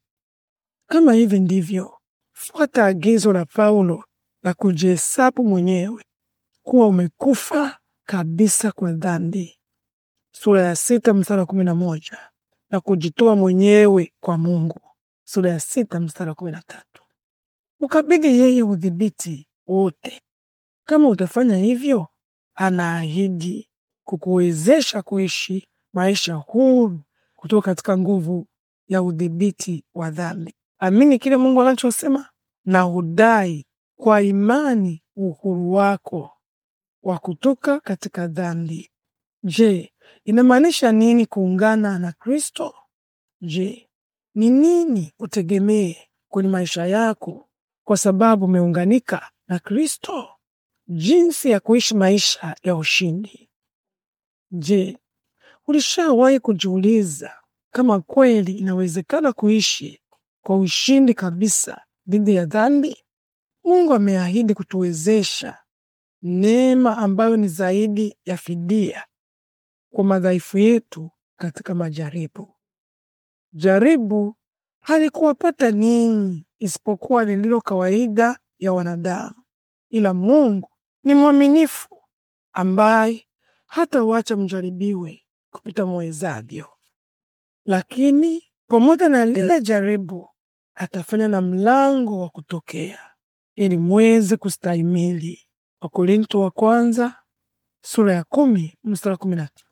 Kama hivi ndivyo, fuata agizo la Paulo la kujihesabu mwenyewe kuwa umekufa kabisa kwa dhambi, sura ya sita mstari wa kumi na moja na kujitoa mwenyewe kwa Mungu, sura ya sita mstari wa kumi na tatu Ukabidi yeye udhibiti wote. Kama utafanya hivyo, anaahidi kukuwezesha kuishi maisha huru kutoka katika nguvu ya udhibiti wa dhambi. Amini kile Mungu anachosema na udai kwa imani uhuru wako wa kutoka katika dhambi. Je, inamaanisha nini kuungana na Kristo? Je, ni nini utegemee kwenye maisha yako kwa sababu umeunganika na Kristo? Jinsi ya kuishi maisha ya ushindi. Je, ulishawahi kujiuliza kama kweli inawezekana kuishi kwa ushindi kabisa dhidi ya dhambi? Mungu ameahidi kutuwezesha neema ambayo ni zaidi ya fidia kwa madhaifu yetu katika majaribu. Jaribu halikuwapata ninyi isipokuwa lililo kawaida ya wanadamu, ila Mungu ni mwaminifu ambaye hata wacha mjaribiwe kupita mwezavyo, lakini pamoja na lile eh. jaribu atafanya na mlango wa kutokea ili mweze kustahimili. Wakorintho wa kwanza sura ya kumi mstari kumi na tatu.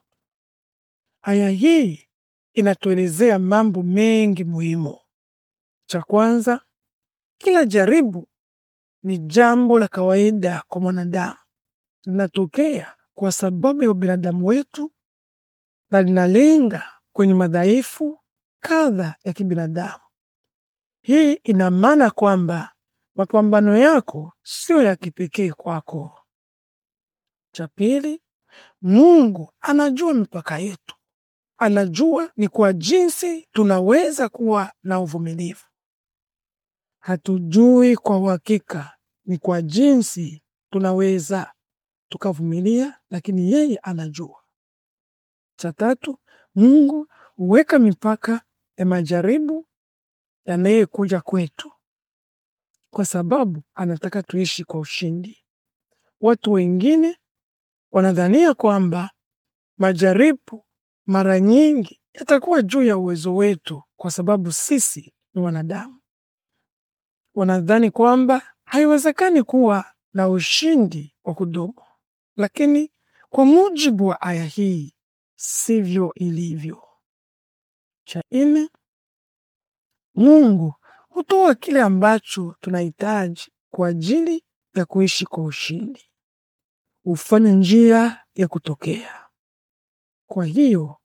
Haya, hii inatuelezea mambo mengi muhimu. Cha kwanza, kila jaribu ni jambo la kawaida kwa mwanadamu, linatokea kwa sababu ya ubinadamu wetu na linalenga kwenye madhaifu kadha ya kibinadamu. Hii ina maana kwamba mapambano yako sio ya kipekee kwako. Cha pili, Mungu anajua mipaka yetu, anajua ni kwa jinsi tunaweza kuwa na uvumilivu. Hatujui kwa uhakika ni kwa jinsi tunaweza tukavumilia, lakini yeye anajua. Cha tatu, Mungu huweka mipaka ya majaribu yanayekuja kwetu kwa sababu anataka tuishi kwa ushindi. Watu wengine wanadhania kwamba majaribu mara nyingi yatakuwa juu ya uwezo wetu, kwa sababu sisi ni wanadamu. Wanadhani kwamba haiwezekani kuwa na ushindi wa kudumu. Lakini kwa mujibu wa aya hii sivyo ilivyo. Cha nne, Mungu hutoa kile ambacho tunahitaji kwa ajili ya kuishi kwa ushindi, hufanya njia ya kutokea. Kwa hiyo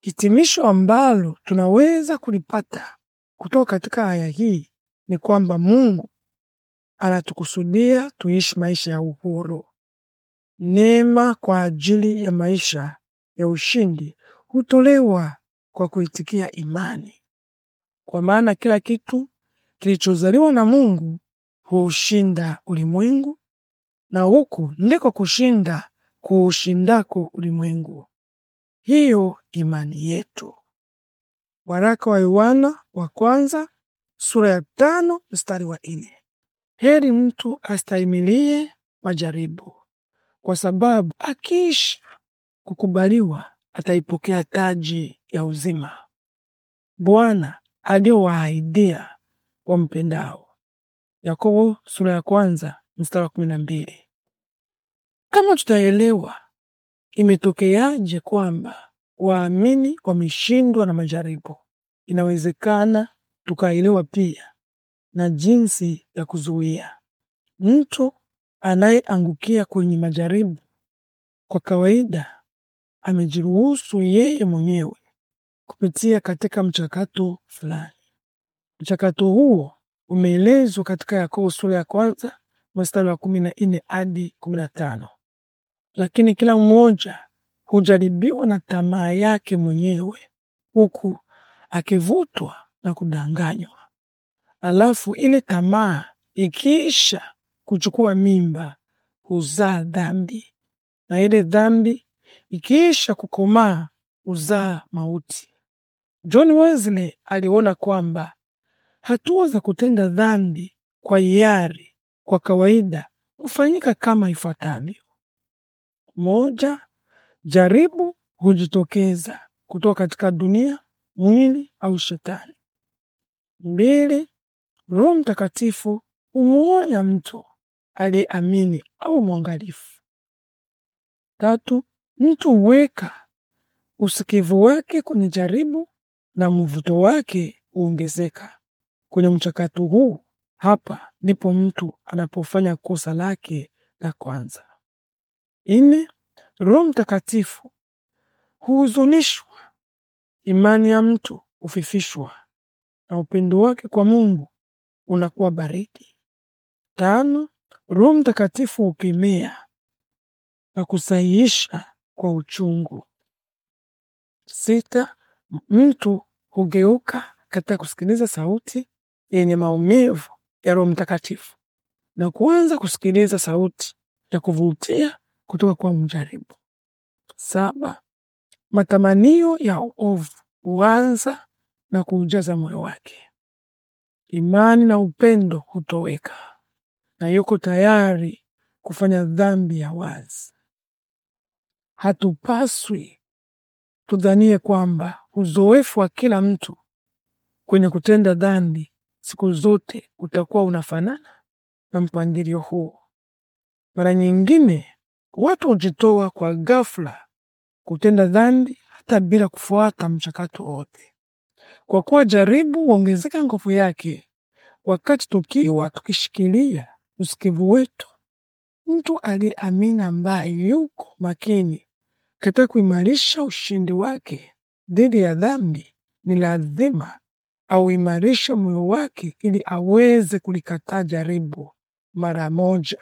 hitimisho ambalo tunaweza kulipata kutoka katika aya hii ni kwamba Mungu anatukusudia tuishi maisha ya uhuru Neema kwa ajili ya maisha ya ushindi hutolewa kwa kuitikia imani, kwa maana kila kitu kilichozaliwa na Mungu huushinda ulimwengu, na huku ndiko kushinda kuushindako ulimwengu, hiyo imani yetu. Waraka wa Yohana wa kwanza sura ya tano mstari wa nne. Heri mtu astahimilie majaribu kwa sababu akiisha kukubaliwa ataipokea taji ya uzima Bwana aliyowaahidia wampendao. Yakobo sura ya kwanza mstari wa kumi na mbili. Kama tutaelewa imetokeaje kwamba waamini wameshindwa na majaribu, inawezekana tukaelewa pia na jinsi ya kuzuia mtu Anayeangukia kwenye majaribu kwa kawaida amejiruhusu yeye mwenyewe kupitia katika mchakato fulani. Mchakato huo umeelezwa katika Yakobo sura ya kwanza mstari wa kumi na nne hadi kumi na tano. Lakini kila mmoja hujaribiwa na tamaa yake mwenyewe, huku akivutwa na kudanganywa. Alafu ile tamaa ikiisha, kuchukua mimba huzaa dhambi, na ile dhambi ikiisha kukomaa huzaa mauti. John Wesley aliona kwamba hatua za kutenda dhambi kwa hiari kwa kawaida hufanyika kama ifuatavyo: moja, jaribu hujitokeza kutoka katika dunia, mwili au shetani. Mbili, Roho Mtakatifu humuonya mtu aliyeamini au mwangalifu. Tatu, mtu huweka usikivu wake kwenye jaribu na mvuto wake huongezeka. Kwenye mchakato huu, hapa ndipo mtu anapofanya kosa lake la kwanza. Ine, Roho Mtakatifu huhuzunishwa, imani ya mtu hufifishwa na upendo wake kwa Mungu unakuwa baridi. Tano, Roho Mtakatifu hukemea na kusahihisha kwa uchungu. Sita, mtu hugeuka katika kusikiliza sauti yenye maumivu ya Roho Mtakatifu na kuanza kusikiliza sauti ya kuvutia kutoka kwa mjaribu. Saba, matamanio ya uovu huanza na kuujaza moyo wake. Imani na upendo hutoweka na yuko tayari kufanya dhambi ya wazi. Hatupaswi tudhanie kwamba uzoefu wa kila mtu kwenye kutenda dhambi siku zote utakuwa unafanana na mpangilio huo. Mara nyingine watu hujitoa kwa ghafla kutenda dhambi hata bila kufuata mchakato wote, kwa kuwa jaribu huongezeka nguvu yake, wakati tukiwa tukishikilia usikivu wetu. Mtu aliyeamini ambaye yuko makini katika kuimarisha ushindi wake dhidi ya dhambi ni lazima auimarishe moyo wake ili aweze kulikataa jaribu mara moja.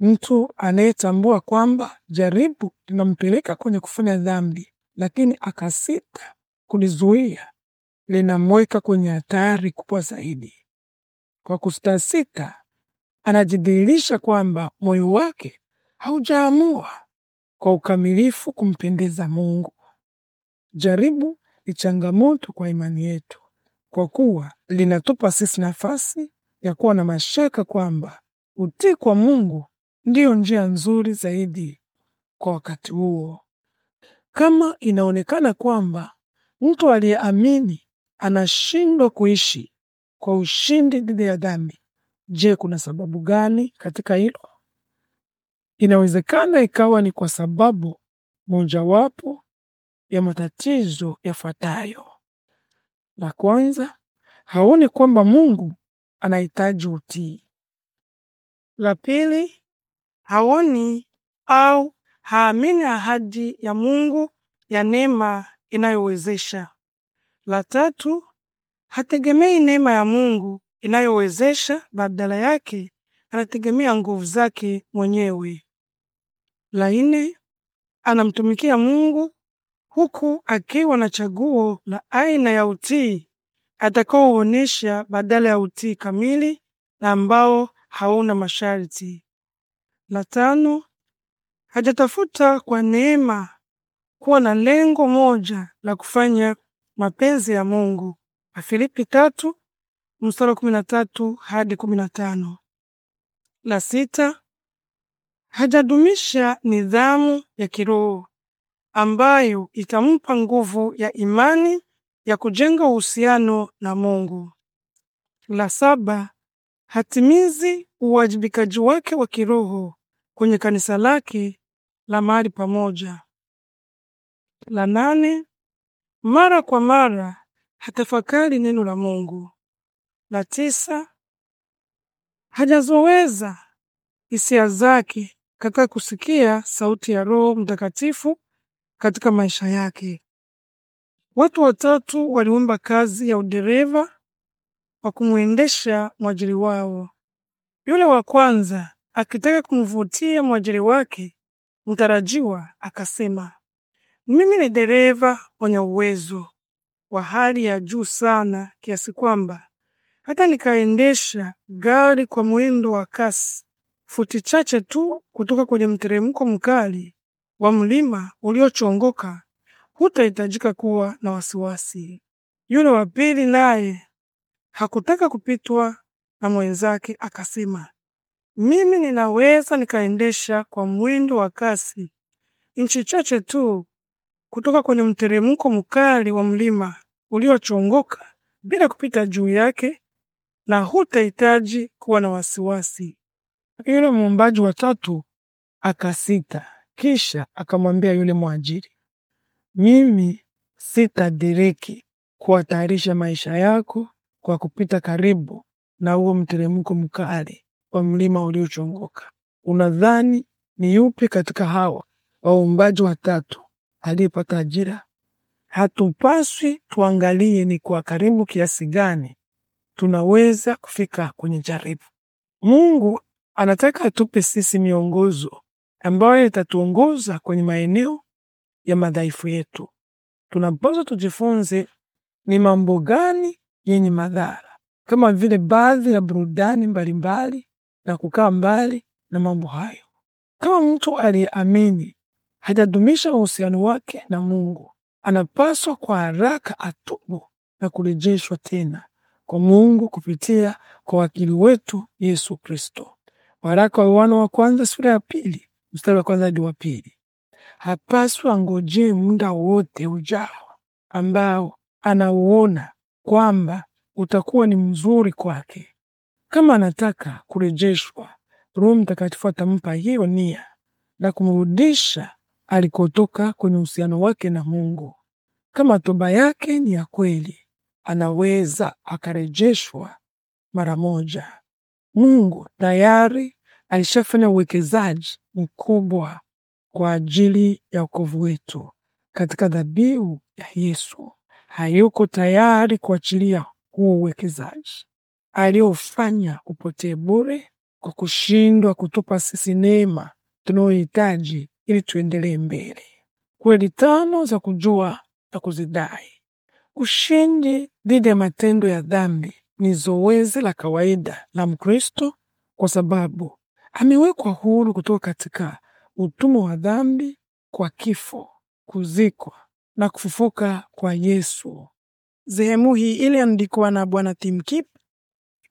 Mtu anayetambua kwamba jaribu linampeleka kwenye kufanya dhambi, lakini akasita kulizuia, linamweka kwenye hatari kubwa zaidi. Kwa kusitasita, anajidhihirisha kwamba moyo wake haujaamua kwa ukamilifu kumpendeza Mungu. Jaribu ni changamoto kwa imani yetu, kwa kuwa linatupa sisi nafasi ya kuwa na mashaka kwamba utii kwa Mungu ndiyo njia nzuri zaidi kwa wakati huo. Kama inaonekana kwamba mtu aliyeamini anashindwa kuishi kwa ushindi dhidi ya dhambi, Je, kuna sababu gani katika hilo? Inawezekana ikawa ni kwa sababu mojawapo ya matatizo yafuatayo. La kwanza, haoni kwamba Mungu anahitaji utii. La pili, haoni au haamini ahadi ya Mungu ya neema inayowezesha. La tatu, hategemei neema ya Mungu inayowezesha, badala yake anategemea nguvu zake mwenyewe. La nne, anamtumikia Mungu huku akiwa na chaguo la aina ya utii atakaoonyesha badala ya utii kamili na ambao hauna masharti. La tano, hajatafuta kwa neema kuwa na lengo moja la kufanya mapenzi ya Mungu. Wafilipi tatu mstari wa kumi na tatu hadi kumi na tano. La sita, hajadumisha nidhamu ya kiroho ambayo itampa nguvu ya imani ya kujenga uhusiano na Mungu. La saba, hatimizi uwajibikaji wake wa kiroho kwenye kanisa lake la mahali pamoja. La nane, mara kwa mara hatafakari neno la Mungu na tisa hajazoweza hisia zake katika kusikia sauti ya Roho Mtakatifu katika maisha yake. Watu watatu waliomba kazi ya udereva wa kumwendesha mwajiri wao. Yule wa kwanza akitaka kumvutia mwajiri wake mtarajiwa akasema, mimi ni dereva mwenye uwezo wa hali ya juu sana kiasi kwamba hata nikaendesha gari kwa mwendo wa kasi futi chache tu kutoka kwenye mteremko mkali wa mlima uliochongoka, hutahitajika kuwa na wasiwasi. Yule wa pili naye hakutaka kupitwa na mwenzake, akasema, mimi ninaweza nikaendesha kwa mwendo wa kasi nchi chache tu kutoka kwenye mteremko mkali wa mlima uliochongoka bila kupita juu yake na hutahitaji kuwa na wasiwasi. Yule muumbaji wa tatu akasita, kisha akamwambia yule mwajiri, mimi sitadiriki kuhatarisha maisha yako kwa kupita karibu na huo mteremko mkali wa mlima uliochongoka. Unadhani ni yupi katika hawa waumbaji watatu aliyepata ajira? Hatupaswi tuangalie ni kwa karibu kiasi gani tunaweza kufika kwenye jaribu. Mungu anataka atupe sisi miongozo ambayo itatuongoza kwenye maeneo ya madhaifu yetu. Tunapaswa tujifunze ni mambo gani yenye madhara, kama vile baadhi ya burudani mbalimbali na kukaa mbali na mambo hayo. Kama mtu aliyeamini hajadumisha uhusiano wake na Mungu, anapaswa kwa haraka atubu na kurejeshwa tena kwa Mungu kupitia kwa wakili wetu Yesu Kristo. Waraka wa Yohana wa kwanza sura ya pili mstari wa kwanza hadi wa pili. Hapaswi angojee muda wote ujao ambao anauona kwamba utakuwa ni mzuri kwake. Kama anataka kurejeshwa, Roho Mtakatifu atampa hiyo nia na kumrudisha alikotoka kwenye uhusiano wake na Mungu, kama toba yake ni ya kweli anaweza akarejeshwa mara moja. Mungu tayari alishafanya uwekezaji mkubwa kwa ajili ya wokovu wetu katika dhabihu ya Yesu. Hayuko tayari kuachilia huo uwekezaji aliofanya upotee bure kwa kushindwa kutupa sisi neema tunayohitaji ili tuendelee mbele. Kweli tano za kujua na kuzidai. Ushindi dhidi ya matendo ya dhambi ni zoezi la kawaida la Mkristo kwa sababu amewekwa huru kutoka katika utumwa wa dhambi kwa kifo, kuzikwa na kufufuka kwa Yesu. Sehemu hii iliandikwa na Bwana Tim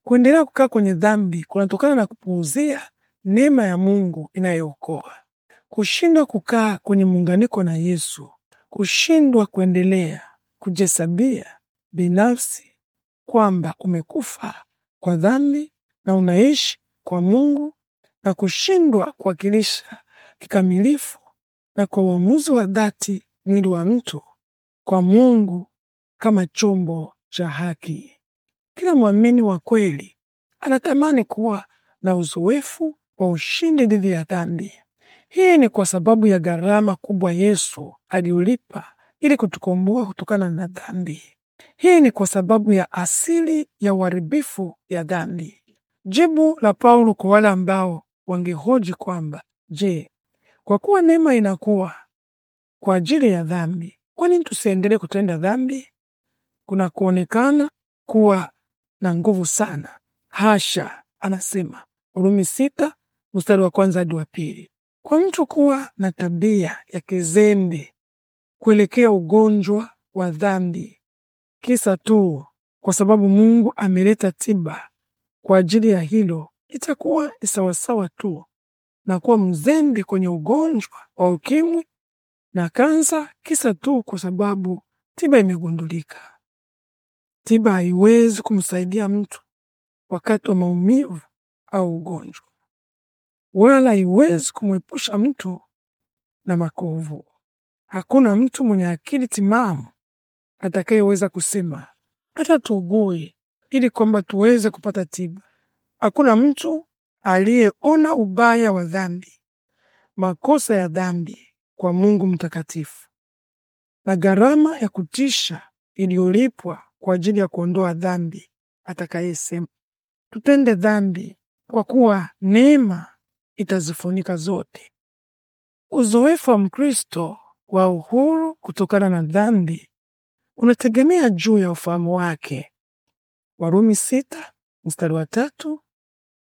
Kuendelea kukaa kwenye dhambi kunatokana na kupuuzia neema ya Mungu inayookoa. Kushindwa kukaa kwenye muunganiko na Yesu, kushindwa kuendelea kujihesabia binafsi kwamba umekufa kwa dhambi na unaishi kwa Mungu na kushindwa kuwakilisha kikamilifu na kwa uamuzi wa dhati mwili wa mtu kwa Mungu kama chombo cha haki. Kila mwamini wa kweli anatamani kuwa na uzoefu wa ushindi dhidi ya dhambi. Hii ni kwa sababu ya gharama kubwa Yesu aliulipa ili kutukomboa kutokana na dhambi. Hii ni kwa sababu ya asili ya uharibifu ya dhambi. Jibu la Paulo kwa wale ambao wangehoji kwamba je, kwa kuwa neema inakuwa kwa ajili ya dhambi, kwani tusiendelee kutenda dhambi? Kuna kuonekana kuwa na nguvu sana. Hasha, anasema Warumi sita mstari wa kwanza hadi wa pili. Kwa mtu kuwa na tabia ya kizembe kuelekea ugonjwa wa dhambi, kisa tu kwa sababu Mungu ameleta tiba kwa ajili ya hilo, itakuwa ni sawasawa tu na kuwa mzembe kwenye ugonjwa wa ukimwi na kansa, kisa tu kwa sababu tiba imegundulika. Tiba haiwezi kumsaidia mtu wakati wa maumivu au ugonjwa, wala haiwezi kumwepusha mtu na makovu. Hakuna mtu mwenye akili timamu atakayeweza kusema hata tuugue ili kwamba tuweze kupata tiba. Hakuna mtu aliyeona ubaya wa dhambi, makosa ya dhambi kwa Mungu mtakatifu, na gharama ya kutisha iliyolipwa kwa ajili ya kuondoa dhambi, atakayesema tutende dhambi kwa kuwa neema itazifunika zote. Uzoefu wa Mkristo wa uhuru kutokana na dhambi unategemea juu ya ufahamu wake. Warumi sita mstari wa tatu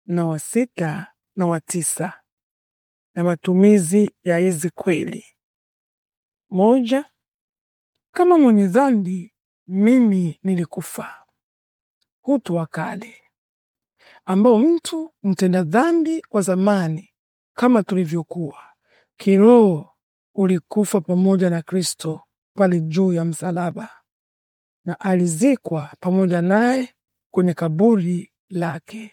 na wa sita na wa tisa na matumizi ya hizi kweli: moja, kama mwenye dhambi mimi nilikufa. hutu wa kale ambao mtu mtenda dhambi kwa zamani kama tulivyokuwa kiroho ulikufa pamoja na Kristo pale juu ya msalaba na alizikwa pamoja naye kwenye kaburi lake,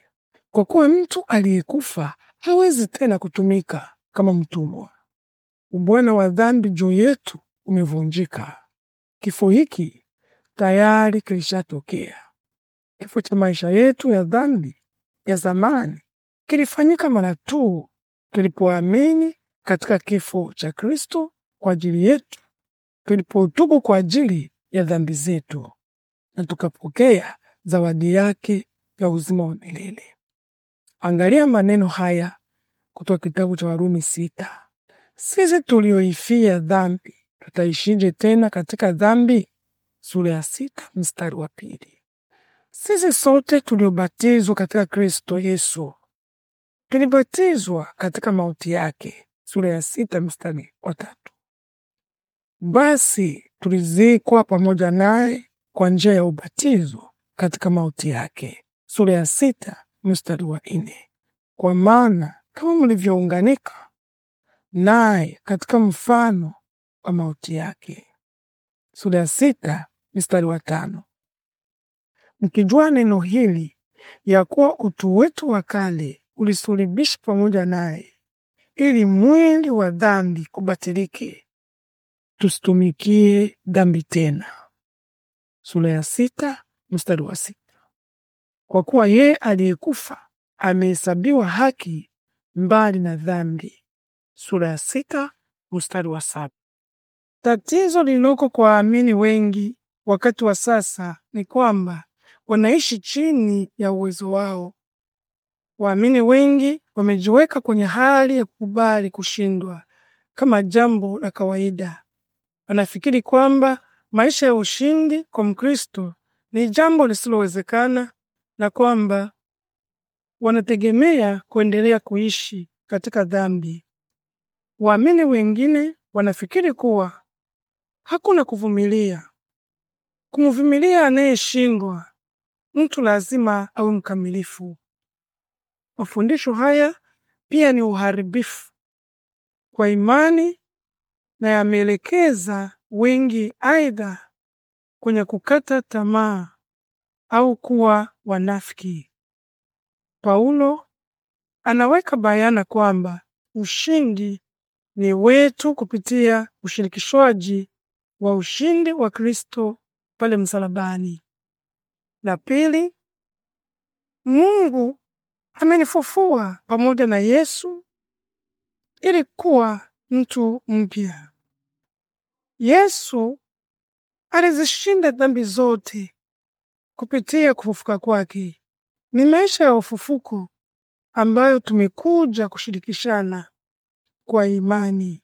kwa kuwa mtu aliyekufa hawezi tena kutumika kama mtumwa. Ubwana wa dhambi juu yetu umevunjika. Kifo hiki tayari kilishatokea. Kifo cha maisha yetu ya dhambi ya zamani kilifanyika mara tu tulipoamini katika kifo cha Kristo kwa ajili yetu, tulipotubu kwa ajili ya dhambi zetu na tukapokea zawadi yake ya uzima wa milele. Angalia maneno haya kutoka kitabu cha Warumi sita: sisi tulioifia dhambi tutaishinje tena katika dhambi? Sura ya sita mstari wa pili. Sisi sote tuliobatizwa katika Kristo Yesu tulibatizwa katika mauti yake sura ya sita mstari wa tatu basi tulizikwa pamoja naye kwa njia ya ubatizo katika mauti yake, sura ya sita mstari wa nne Kwa maana kama mlivyounganika naye katika mfano wa mauti yake, sura ya sita mstari wa tano mkijua neno hili ya kuwa utu wetu wa kale ulisulibishwa pamoja naye ili mwili wa dhambi kubatilike, tusitumikie dhambi tena. Sura ya sita mstari wa sita. Kwa kuwa yeye aliyekufa amehesabiwa haki mbali na dhambi. Sura ya sita mstari wa saba. Tatizo liloko kwa waamini wengi wakati wa sasa ni kwamba wanaishi chini ya uwezo wao Waamini wengi wamejiweka kwenye hali ya kukubali kushindwa kama jambo la kawaida. Wanafikiri kwamba maisha ya ushindi kwa Mkristo ni jambo lisilowezekana na kwamba wanategemea kuendelea kuishi katika dhambi. Waamini wengine wanafikiri kuwa hakuna kuvumilia. Kumvumilia anayeshindwa, mtu lazima awe mkamilifu. Mafundisho haya pia ni uharibifu kwa imani na yameelekeza wengi aidha kwenye kukata tamaa au kuwa wanafiki. Paulo anaweka bayana kwamba ushindi ni wetu kupitia ushirikishwaji wa ushindi wa Kristo pale msalabani. La pili, Mungu amenifufua pamoja na Yesu ili kuwa mtu mpya. Yesu alizishinda dhambi zote kupitia kufufuka kwake. Ni maisha ya ufufuko ambayo tumekuja kushirikishana kwa imani.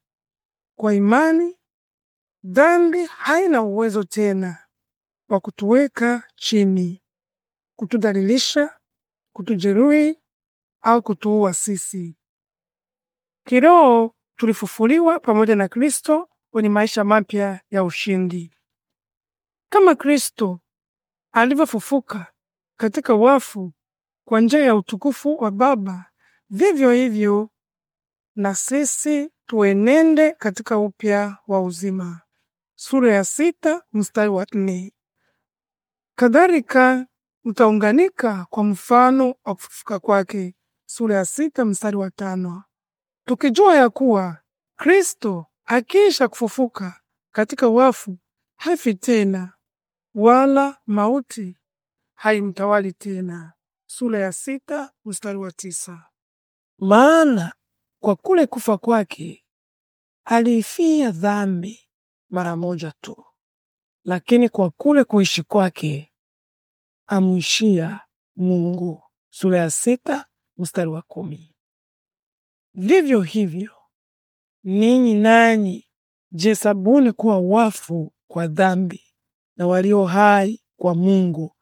Kwa imani, dhambi haina uwezo tena wa kutuweka chini, kutudhalilisha, kutujeruhi au kutuua sisi. Kiroho tulifufuliwa pamoja na Kristo kwenye maisha mapya ya ushindi. Kama Kristo alivyofufuka katika wafu kwa njia ya utukufu wa Baba, vivyo hivyo na sisi tuenende katika upya wa uzima. Sura ya sita mstari wa nne. Kadhalika mtaunganika kwa mfano wa kufufuka kwake, sura ya sita mstari wa tano tukijua ya kuwa Kristo akiisha kufufuka katika wafu hafi tena, wala mauti haimtawali tena. Sura ya sita mstari wa tisa. Maana kwa kule kufa kwake aliifia dhambi mara moja tu, lakini kwa kule kuishi kwake amwishia Mungu. Sura ya sita mstari wa kumi. Vivyo hivyo ninyi nanyi jihesabuni kuwa wafu kwa dhambi na walio hai kwa Mungu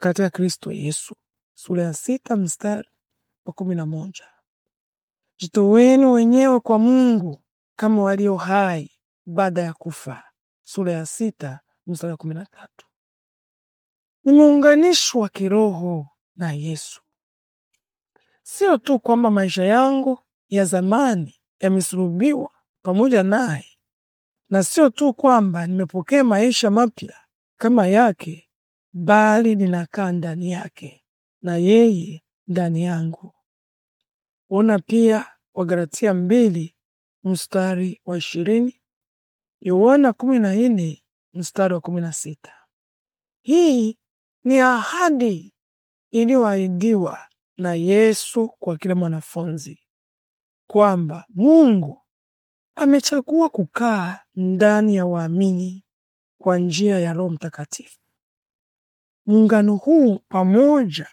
katika Kristo Yesu. Sura ya sita mstari wa kumi na moja. Jitoweni wenyewe kwa Mungu kama walio hai baada ya kufa. Sura ya sita mstari wa kumi na tatu. Nimeunganishwa kiroho na Yesu. Sio tu kwamba maisha yangu ya zamani yamesulubiwa pamoja naye, na sio tu kwamba nimepokea maisha mapya kama yake, bali ninakaa ndani yake na yeye ndani yangu. Ona pia Wagalatia mbili mstari wa ishirini, Yohana kumi na nne mstari wa kumi na sita. Hii ni ahadi iliyoahidiwa na Yesu kwa kila mwanafunzi kwamba Mungu amechagua kukaa ndani ya waamini kwa njia ya Roho Mtakatifu. Muungano huu pamoja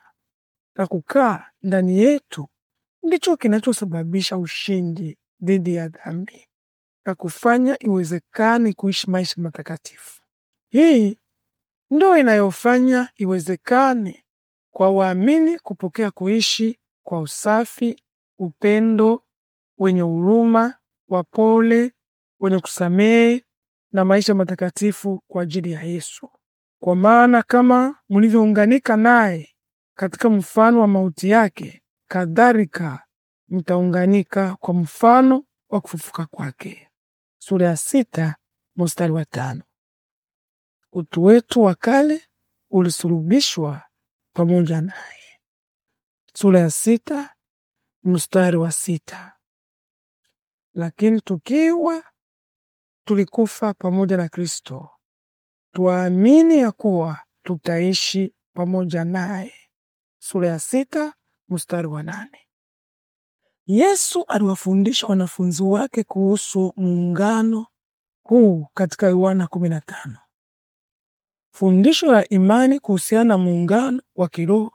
na kukaa ndani yetu ndicho kinachosababisha ushindi dhidi ya dhambi na kufanya iwezekane kuishi maisha matakatifu. Hii ndio inayofanya iwezekane kwa waamini kupokea kuishi kwa usafi, upendo, wenye huruma, wapole, wenye kusamehe na maisha matakatifu kwa ajili ya Yesu. Kwa maana kama mlivyounganika naye katika mfano wa mauti yake, kadhalika mtaunganika kwa mfano wa kufufuka kwake. Sura ya sita mstari wa tano. Utu wetu wa kale ulisulubishwa pamoja naye. Sura ya sita mstari wa sita. Lakini tukiwa tulikufa pamoja na Kristo, twaamini ya kuwa tutaishi pamoja naye. Sura ya sita mstari wa nane. Yesu aliwafundisha wanafunzi wake kuhusu muungano huu katika Yohana 15. Fundisho la imani kuhusiana na muungano wa kiroho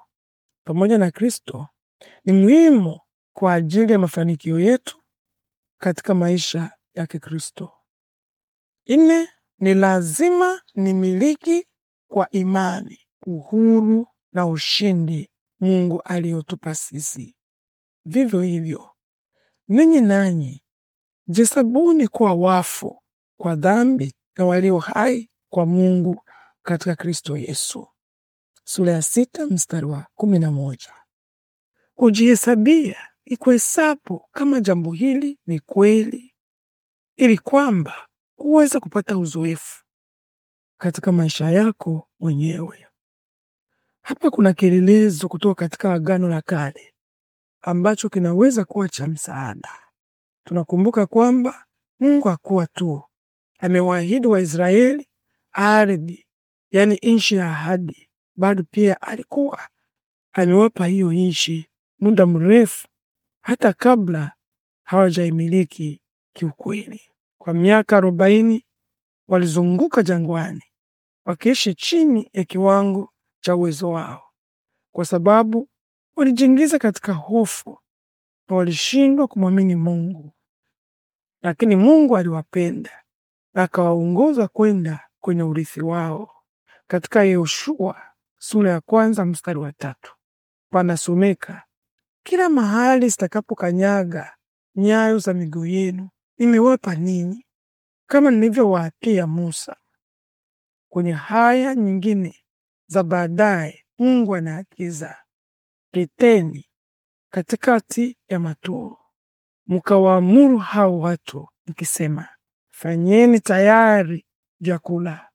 pamoja na Kristo ni muhimu kwa ajili ya mafanikio yetu katika maisha ya Kikristo. ine ni lazima nimiliki kwa imani uhuru na ushindi Mungu aliyotupa sisi. Vivyo hivyo, ninyi nanyi jisabuni kuwa wafu kwa dhambi na walio hai kwa Mungu katika Kristo Yesu, sura ya sita mstari wa kumi na moja. Kujihesabia ni kuhesabu kama jambo hili ni kweli, ili kwamba uweze kupata uzoefu katika maisha yako mwenyewe. Hapa kuna kielelezo kutoka katika Agano la Kale ambacho kinaweza kuwa cha msaada. Tunakumbuka kwamba Mungu hakuwa tu amewaahidi Waisraeli ardhi yani nchi ya ahadi, bado pia alikuwa amewapa hiyo nchi muda mrefu hata kabla hawajaimiliki kiukweli. Kwa miaka arobaini walizunguka jangwani wakiishi chini ya kiwango cha uwezo wao, kwa sababu walijiingiza katika hofu na walishindwa kumwamini Mungu. Lakini Mungu aliwapenda na akawaongoza kwenda kwenye urithi wao katika Yoshua sura ya kwanza mstari wa tatu panasomeka, kila mahali zitakapokanyaga nyayo za miguu yenu nimewapa ninyi, kama nilivyowaapia Musa. Kwenye haya nyingine za baadaye, Mungu anaagiza piteni katikati ya maturu, mkawaamuru hao watu mkisema, fanyeni tayari vyakula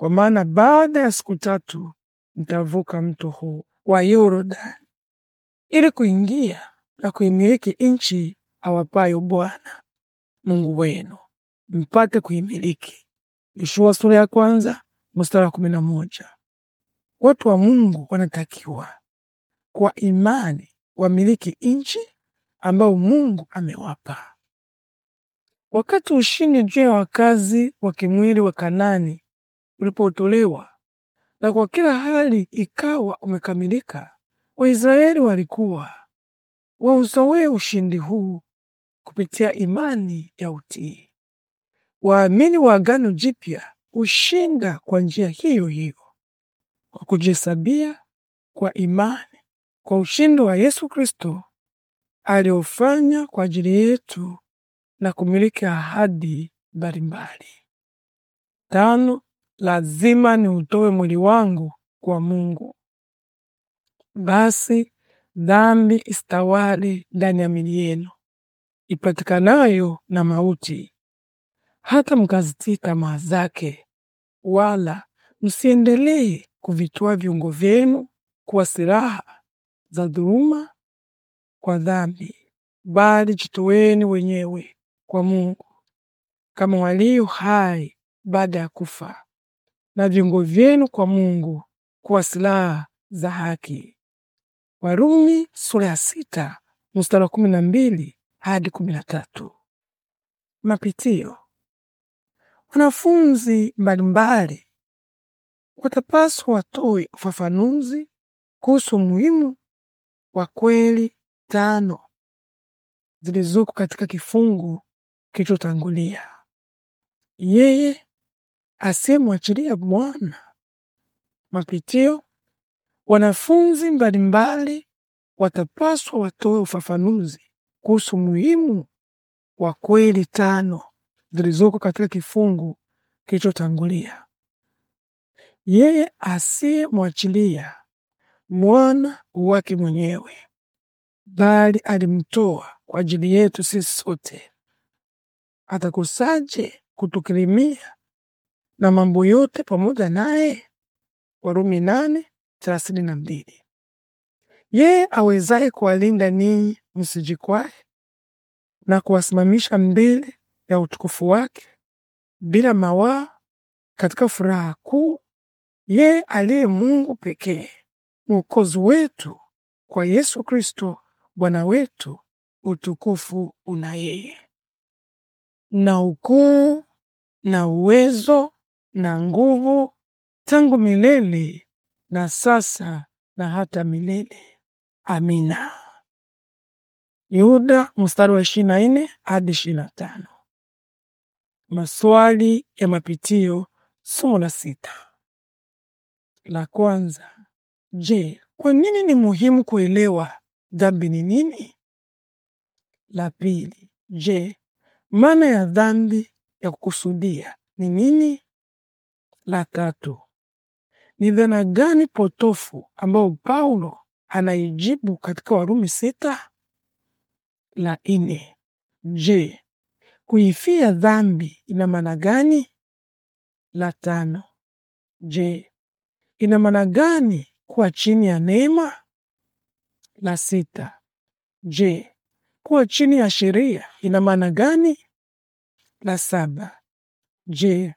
kwa maana baada ya siku tatu mtavuka mto huu wa Yordani ili kuingia na kuimiliki nchi awapayo Bwana Mungu wenu mpate kuimiliki. Yoshua sura ya kwanza mstari wa kumi na moja. Watu wa Mungu wanatakiwa kwa imani wamiliki nchi ambayo Mungu amewapa. Wakati ushindi juu ya wakazi wa kimwili wa Kanani ulipotolewa na kwa kila hali ikawa umekamilika, Waisraeli walikuwa wauzoee ushindi huu kupitia imani ya utii. Waamini wa Agano Jipya hushinda kwa njia hiyo hiyo, kwa kujihesabia kwa imani kwa ushindi wa Yesu Kristo aliofanya kwa ajili yetu na kumiliki ahadi mbalimbali. Tano, lazima niutoe mwili wangu kwa Mungu. Basi dhambi istawali ndani ya mili yenu ipatikanayo na mauti, hata mkazitii tamaa zake, wala msiendelee kuvitoa viungo vyenu kuwa silaha za dhuluma kwa dhambi, bali jitoweni wenyewe kwa Mungu kama walio hai baada ya kufa na viungo vyenu kwa Mungu kuwa silaha za haki. Warumi sura ya sita mstari wa kumi na mbili hadi kumi na tatu. Mapitio. Wanafunzi mbalimbali watapaswa watoe ufafanuzi kuhusu umuhimu wa kweli tano zilizoko katika kifungu kilichotangulia. Yeye asiyemwachilia Bwana. Mapitio: wanafunzi mbalimbali watapaswa watoe ufafanuzi kuhusu muhimu wa kweli tano zilizoko katika kifungu kilichotangulia. Yeye asiyemwachilia mwana wake mwenyewe, bali alimtoa kwa ajili yetu sisi sote, atakosaje kutukirimia na mambo yote pamoja naye, Warumi nane thelathini na mbili. Yeye awezaye kuwalinda ninyi msijikwae na kuwasimamisha mbele ya utukufu wake bila mawaa katika furaha kuu, yeye aliye Mungu pekee, Mwokozi wetu kwa Yesu Kristo Bwana wetu, utukufu una yeye na ukuu na uwezo na nguvu tangu milele na sasa na hata milele. Amina. Yuda mstari wa ishirini nne hadi ishirini na tano. Maswali ya mapitio somo la sita. La kwanza, je, kwa nini ni muhimu kuelewa dhambi ni nini? La pili, je, maana ya dhambi ya kukusudia ni nini? La tatu ni dhana gani potofu ambayo Paulo anaijibu katika Warumi sita? La ine je, kuifia dhambi ina maana gani? La tano, je, ina maana gani kuwa chini ya neema? La sita, je, kuwa chini ya sheria ina maana gani? La saba, je,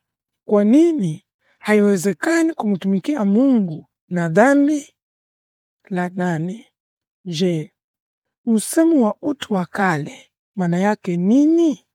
kwa nini haiwezekani kumtumikia Mungu na dhambi la nane. Je, msemo wa utu wa kale maana yake nini?